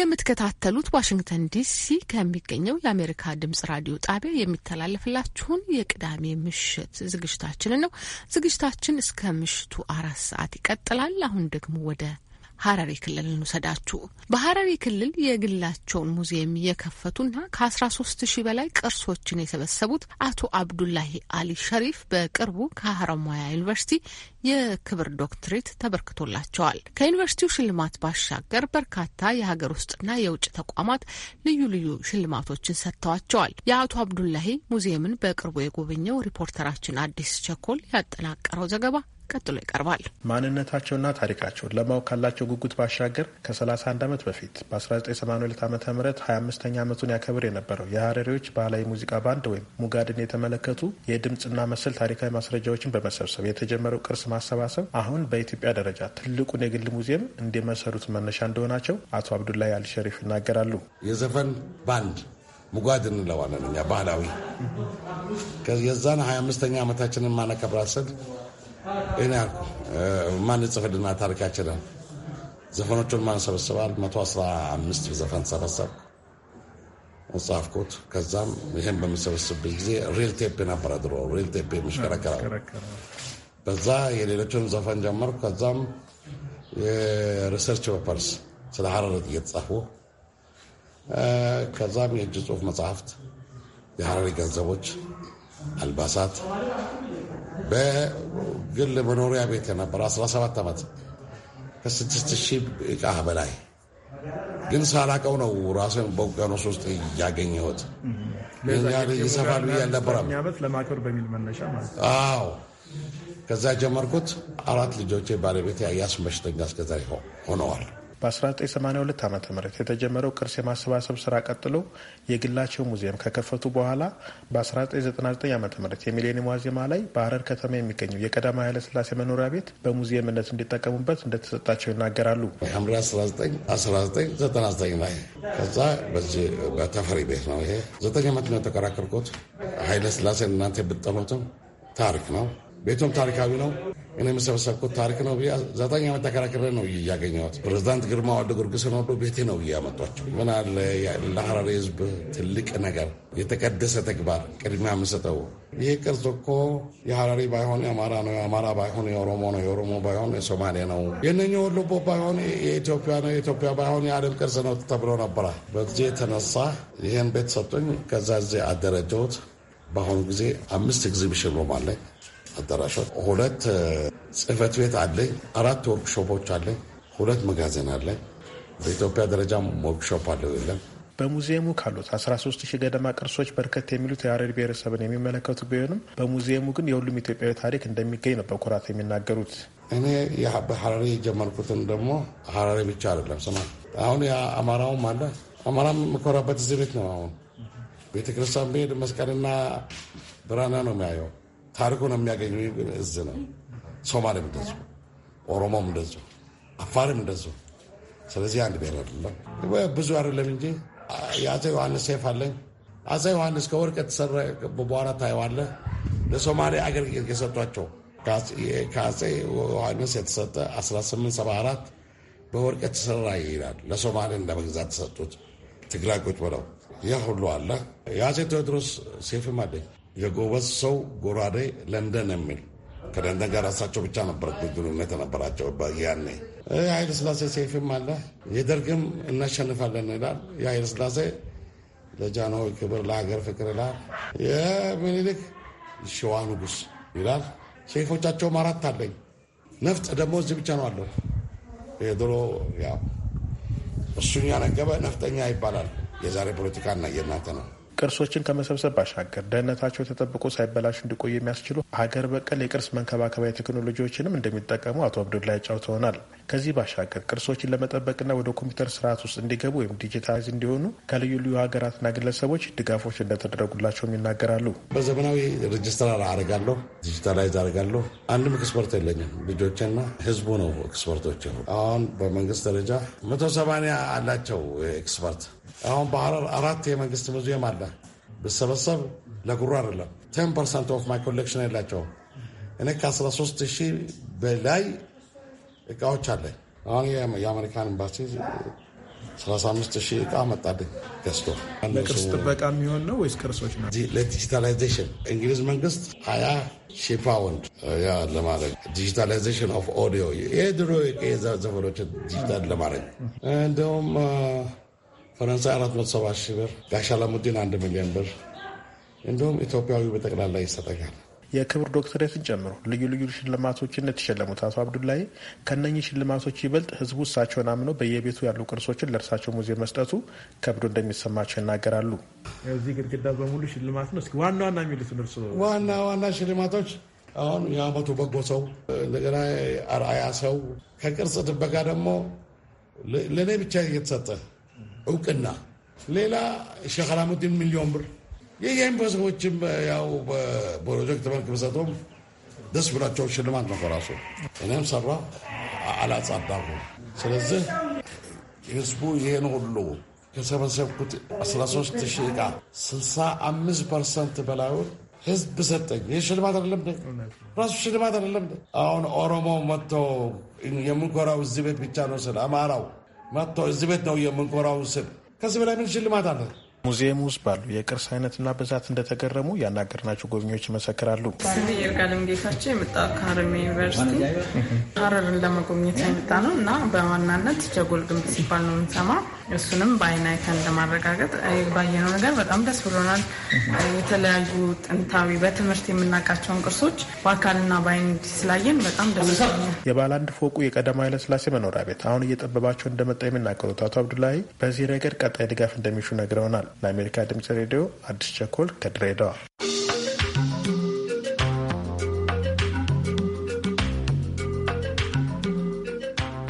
የምትከታተሉት ዋሽንግተን ዲሲ ከሚገኘው የአሜሪካ ድምጽ ራዲዮ ጣቢያ የሚተላለፍላችሁን የቅዳሜ ምሽት ዝግጅታችንን ነው። ዝግጅታችን እስከ ምሽቱ አራት ሰዓት ይቀጥላል። አሁን ደግሞ ወደ ሀረሪ ክልል እንውሰዳችሁ። በሀረሪ ክልል የግላቸውን ሙዚየም እየከፈቱና ከ 13 ሺህ በላይ ቅርሶችን የሰበሰቡት አቶ አብዱላሂ አሊ ሸሪፍ በቅርቡ ከሀረማያ ዩኒቨርሲቲ የክብር ዶክትሬት ተበርክቶላቸዋል። ከዩኒቨርሲቲው ሽልማት ባሻገር በርካታ የሀገር ውስጥና የውጭ ተቋማት ልዩ ልዩ ሽልማቶችን ሰጥተዋቸዋል። የአቶ አብዱላሂ ሙዚየምን በቅርቡ የጎበኘው ሪፖርተራችን አዲስ ቸኮል ያጠናቀረው ዘገባ ቀጥሎ ይቀርባል። ማንነታቸውና ታሪካቸው ለማወቅ ካላቸው ጉጉት ባሻገር ከ31 ዓመት በፊት በ1982 ዓ ም 25ኛ ዓመቱን ያከብር የነበረው የሀረሪዎች ባህላዊ ሙዚቃ ባንድ ወይም ሙጋድን የተመለከቱ የድምፅና መሰል ታሪካዊ ማስረጃዎችን በመሰብሰብ የተጀመረው ቅርስ ማሰባሰብ አሁን በኢትዮጵያ ደረጃ ትልቁን የግል ሙዚየም እንደመሰሩት መነሻ እንደሆናቸው አቶ አብዱላይ አልሸሪፍ ይናገራሉ። የዘፈን ባንድ ሙጓድ እንለዋለን እኛ ባህላዊ የዛን 25ኛ ዓመታችንን ማነከብራሰድ ይህን ያልኩ ማን ጽፍልና ታሪካችንን ዘፈኖቹን ማን ሰበስባል? 115 ዘፈን ሰበሰብ ጻፍኩት። ከዛም ይህን በሚሰበስብበት ጊዜ ሪል ቴፕ ነበረ ድሮ ሪል ቴፕ የሚሽከረከረ በዛ የሌሎችን ዘፈን ጀመርኩ። ከዛም የሪሰርች ፔፐርስ ስለ ሀረረት እየተጻፉ ከዛም የእጅ ጽሁፍ መጽሐፍት፣ የሀረሪ ገንዘቦች፣ አልባሳት በግል መኖሪያ ቤት ነበር 17 ዓመት ከስድስት ሺህ እቃ በላይ ግን ሳላቀው ነው ራሴን በውቅያኖስ ውስጥ እያገኘሁት ይሰፋል ብዬ አልነበረም። አዎ ከዛ ጀመርኩት። አራት ልጆቼ ባለቤት ያስመሽተኛ እስከዛ ሆነዋል። በ1982 ዓ ም የተጀመረው ቅርስ የማሰባሰብ ስራ ቀጥሎ የግላቸው ሙዚየም ከከፈቱ በኋላ በ1999 ዓ ም የሚሌኒየም ዋዜማ ላይ በሀረር ከተማ የሚገኘው የቀዳማዊ ኃይለስላሴ መኖሪያ ቤት በሙዚየምነት እንዲጠቀሙበት እንደተሰጣቸው ይናገራሉ። 1999 ላይ ከዛ በዚህ በተፈሪ ቤት ነው። ይሄ ዘጠኝ ዓመት ነው የተከራከርኩት። ኃይለሥላሴን እናንተ ብጠሉትም ታሪክ ነው ቤቱም ታሪካዊ ነው። እኔ የምሰበሰብኩት ታሪክ ነው። ዘጠኝ ዓመት ተከራክሬ ነው እያገኘኋት። ፕሬዚዳንት ግርማ ወደ ጊዮርጊስን ወዶ ቤቴ ነው እያመጧቸው። ምን አለ ለሐረሪ ሕዝብ ትልቅ ነገር፣ የተቀደሰ ተግባር ቅድሚያ የምሰጠው ይሄ ቅርጽ እኮ የሐረሪ ባይሆን የአማራ ነው፣ የአማራ ባይሆን የኦሮሞ ነው፣ የኦሮሞ ባይሆን የሶማሌ ነው፣ የነኛ ወሎቦ ባይሆን የኢትዮጵያ ነው፣ የኢትዮጵያ ባይሆን የዓለም ቅርጽ ነው ተብሎ ነበረ። በዚህ የተነሳ ይህን ቤት ሰጡኝ። ከዛ ዚ አደረጀሁት። በአሁኑ ጊዜ አምስት ኤግዚቢሽን ሮማለኝ አዳራሾች፣ ሁለት ጽህፈት ቤት አለኝ፣ አራት ወርክሾፖች አለኝ፣ ሁለት መጋዘን አለኝ። በኢትዮጵያ ደረጃም ወርክሾፕ አለው የለም። በሙዚየሙ ካሉት 13 ሺህ ገደማ ቅርሶች በርከት የሚሉት የሀረሪ ብሔረሰብን የሚመለከቱ ቢሆንም በሙዚየሙ ግን የሁሉም ኢትዮጵያዊ ታሪክ እንደሚገኝ ነው በኩራት የሚናገሩት። እኔ በሀረሪ የጀመርኩትን ደግሞ ሀረሪ ብቻ አይደለም ስማ፣ አሁን አማራውም አለ። አማራም የምኮራበት እዚህ ቤት ነው። አሁን ቤተክርስቲያን ብሄድ መስቀልና ብራና ነው የሚያየው ነው የሚያገኙ እዝ ነው። ሶማሌም እንደዚሁ፣ ኦሮሞም እንደዚሁ፣ አፋርም እንደዚሁ። ስለዚህ አንድ ብሔር አይደለም፣ ብዙ አይደለም እንጂ የአፄ ዮሐንስ ሴፍ አለኝ። አፄ ዮሐንስ ከወርቅ የተሰራ በኋላ ታየዋለ ለሶማሌ አገር የሰጧቸው ከአፄ ዮሐንስ የተሰጠ 1874 በወርቅ የተሰራ ይላል። ለሶማሌ እንደመግዛት ተሰጡት ትግራይ ቁጭ ብለው። ያ ሁሉ አለ። የአፄ ቴዎድሮስ ሴፍም አለኝ። የጎበዝ ሰው ጎራዴ ለንደን የሚል ከለንደን ጋር ራሳቸው ብቻ ነበረ ግንኙነት የነበራቸው ያኔ። ስላሴ ሴፍም አለ የደርግም እናሸንፋለን ይላል። ስላሴ ለጃንሆይ ክብር ለሀገር ፍቅር ይላል። የምኒልክ ሸዋ ንጉስ ይላል። ሴፎቻቸውም አራት አለኝ። ነፍጥ ደግሞ እዚህ ብቻ ነው አለው። የድሮ ያው እሱኛ ነገበ ነፍጠኛ ይባላል። የዛሬ ፖለቲካ እና የእናንተ ነው። ቅርሶችን ከመሰብሰብ ባሻገር ደህንነታቸው ተጠብቆ ሳይበላሽ እንዲቆዩ የሚያስችሉ ሀገር በቀል የቅርስ መንከባከቢያ ቴክኖሎጂዎችንም እንደሚጠቀሙ አቶ አብዱላይ አጫውተውናል። ከዚህ ባሻገር ቅርሶችን ለመጠበቅና ወደ ኮምፒውተር ስርዓት ውስጥ እንዲገቡ ወይም ዲጂታላይዝ እንዲሆኑ ከልዩ ልዩ ሀገራትና ግለሰቦች ድጋፎች እንደተደረጉላቸውም ይናገራሉ። በዘመናዊ ሬጅስትራር አርጋለሁ፣ ዲጂታላይዝ አርጋለሁ አንድም ኤክስፐርት የለኝም። ልጆችና ህዝቡ ነው ኤክስፐርቶች። አሁን በመንግስት ደረጃ መቶ ሰማንያ አላቸው ኤክስፐርት አሁን በሐረር አራት የመንግስት ሙዚየም አለ። ብሰበሰብ ለጉሩ አይደለም። ቴን ፐርሰንት ኦፍ ማይ ኮሌክሽን የላቸው። እኔ ከ13 ሺህ በላይ እቃዎች አለኝ። አሁን የአሜሪካን ኤምባሲ 35 ሺህ እቃ መጣልኝ ገዝቶ። ለቅርስ ጥበቃ የሚሆን ነው ወይስ ቅርሶች ነው? ለዲጂታላይዜሽን እንግሊዝ መንግስት 20 ሺህ ፓውንድ ያ ለማድረግ ዲጂታላይዜሽን ኦፍ ኦዲዮ የድሮ ዘፈኖችን ዲጂታል ለማድረግ እንደውም ፈረንሳይ 470 ሺህ ብር፣ ጋሻ አላሙዲን 1 ሚሊዮን ብር እንዲሁም ኢትዮጵያዊ በጠቅላላ ይሰጠጋል። የክብር ዶክተሬትን ጨምሮ ልዩ ልዩ ሽልማቶችን የተሸለሙት አቶ አብዱላይ ከነኚህ ሽልማቶች ይበልጥ ህዝቡ እሳቸውን አምነው በየቤቱ ያሉ ቅርሶችን ለእርሳቸው ሙዚየም መስጠቱ ከብዶ እንደሚሰማቸው ይናገራሉ። እዚህ ግድግዳ በሙሉ ሽልማት ነው። እስኪ ዋና ዋና የሚሉት እርስ ዋና ዋና ሽልማቶች አሁን የአመቱ በጎ ሰው፣ እንደገና አርአያ ሰው፣ ከቅርጽ ጥበቃ ደግሞ ለእኔ ብቻ እየተሰጠ እውቅና፣ ሌላ ሸኸላሙዲን ሚሊዮን ብር የየኤምባ ሰዎችም ያው በፕሮጀክት መልክ ብሰጡም ደስ ብሏቸው ሽልማት ነው ራሱ እኔም ሰራ አላጻዳሁ። ስለዚህ ህዝቡ ይህን ሁሉ ከሰበሰብኩት 13 ሺህ ዕቃ 65 ፐርሰንት በላዩን ህዝብ ሰጠኝ። ይህ ሽልማት አይደለም ራሱ ሽልማት አይደለም። አሁን ኦሮሞ መጥቶ የምንኮራው እዚህ ቤት ብቻ ነው ስለ አማራው መጥቶ እዚህ ቤት ነው የምንኮራው ስል ከዚህ በላይ ምን ሽልማት አለ? ሙዚየም ውስጥ ባሉ የቅርስ አይነትና ብዛት እንደተገረሙ ያናገርናቸው ጎብኚዎች ይመሰክራሉ። ስሜ ይርጋለም ጌታቸው የመጣ ከሀረማያ ዩኒቨርሲቲ ሀረርን ለመጎብኘት የመጣ ነው እና በዋናነት ጀጎል ግንብ ሲባል ነው የምንሰማ እሱንም በአይን አይተን ለማረጋገጥ ባየነው ነገር በጣም ደስ ብሎናል። የተለያዩ ጥንታዊ በትምህርት የምናውቃቸውን ቅርሶች በአካልና በአይን ስላየን በጣም ደስ ብሎናል። የባለ አንድ ፎቁ የቀዳማዊ ኃይለስላሴ መኖሪያ ቤት አሁን እየጠበባቸው እንደመጣ የሚናገሩት አቶ አብዱላሂ በዚህ ረገድ ቀጣይ ድጋፍ እንደሚሹ ነግረውናል። ለአሜሪካ ድምጽ ሬዲዮ አዲስ ቸኮል ከድሬዳዋ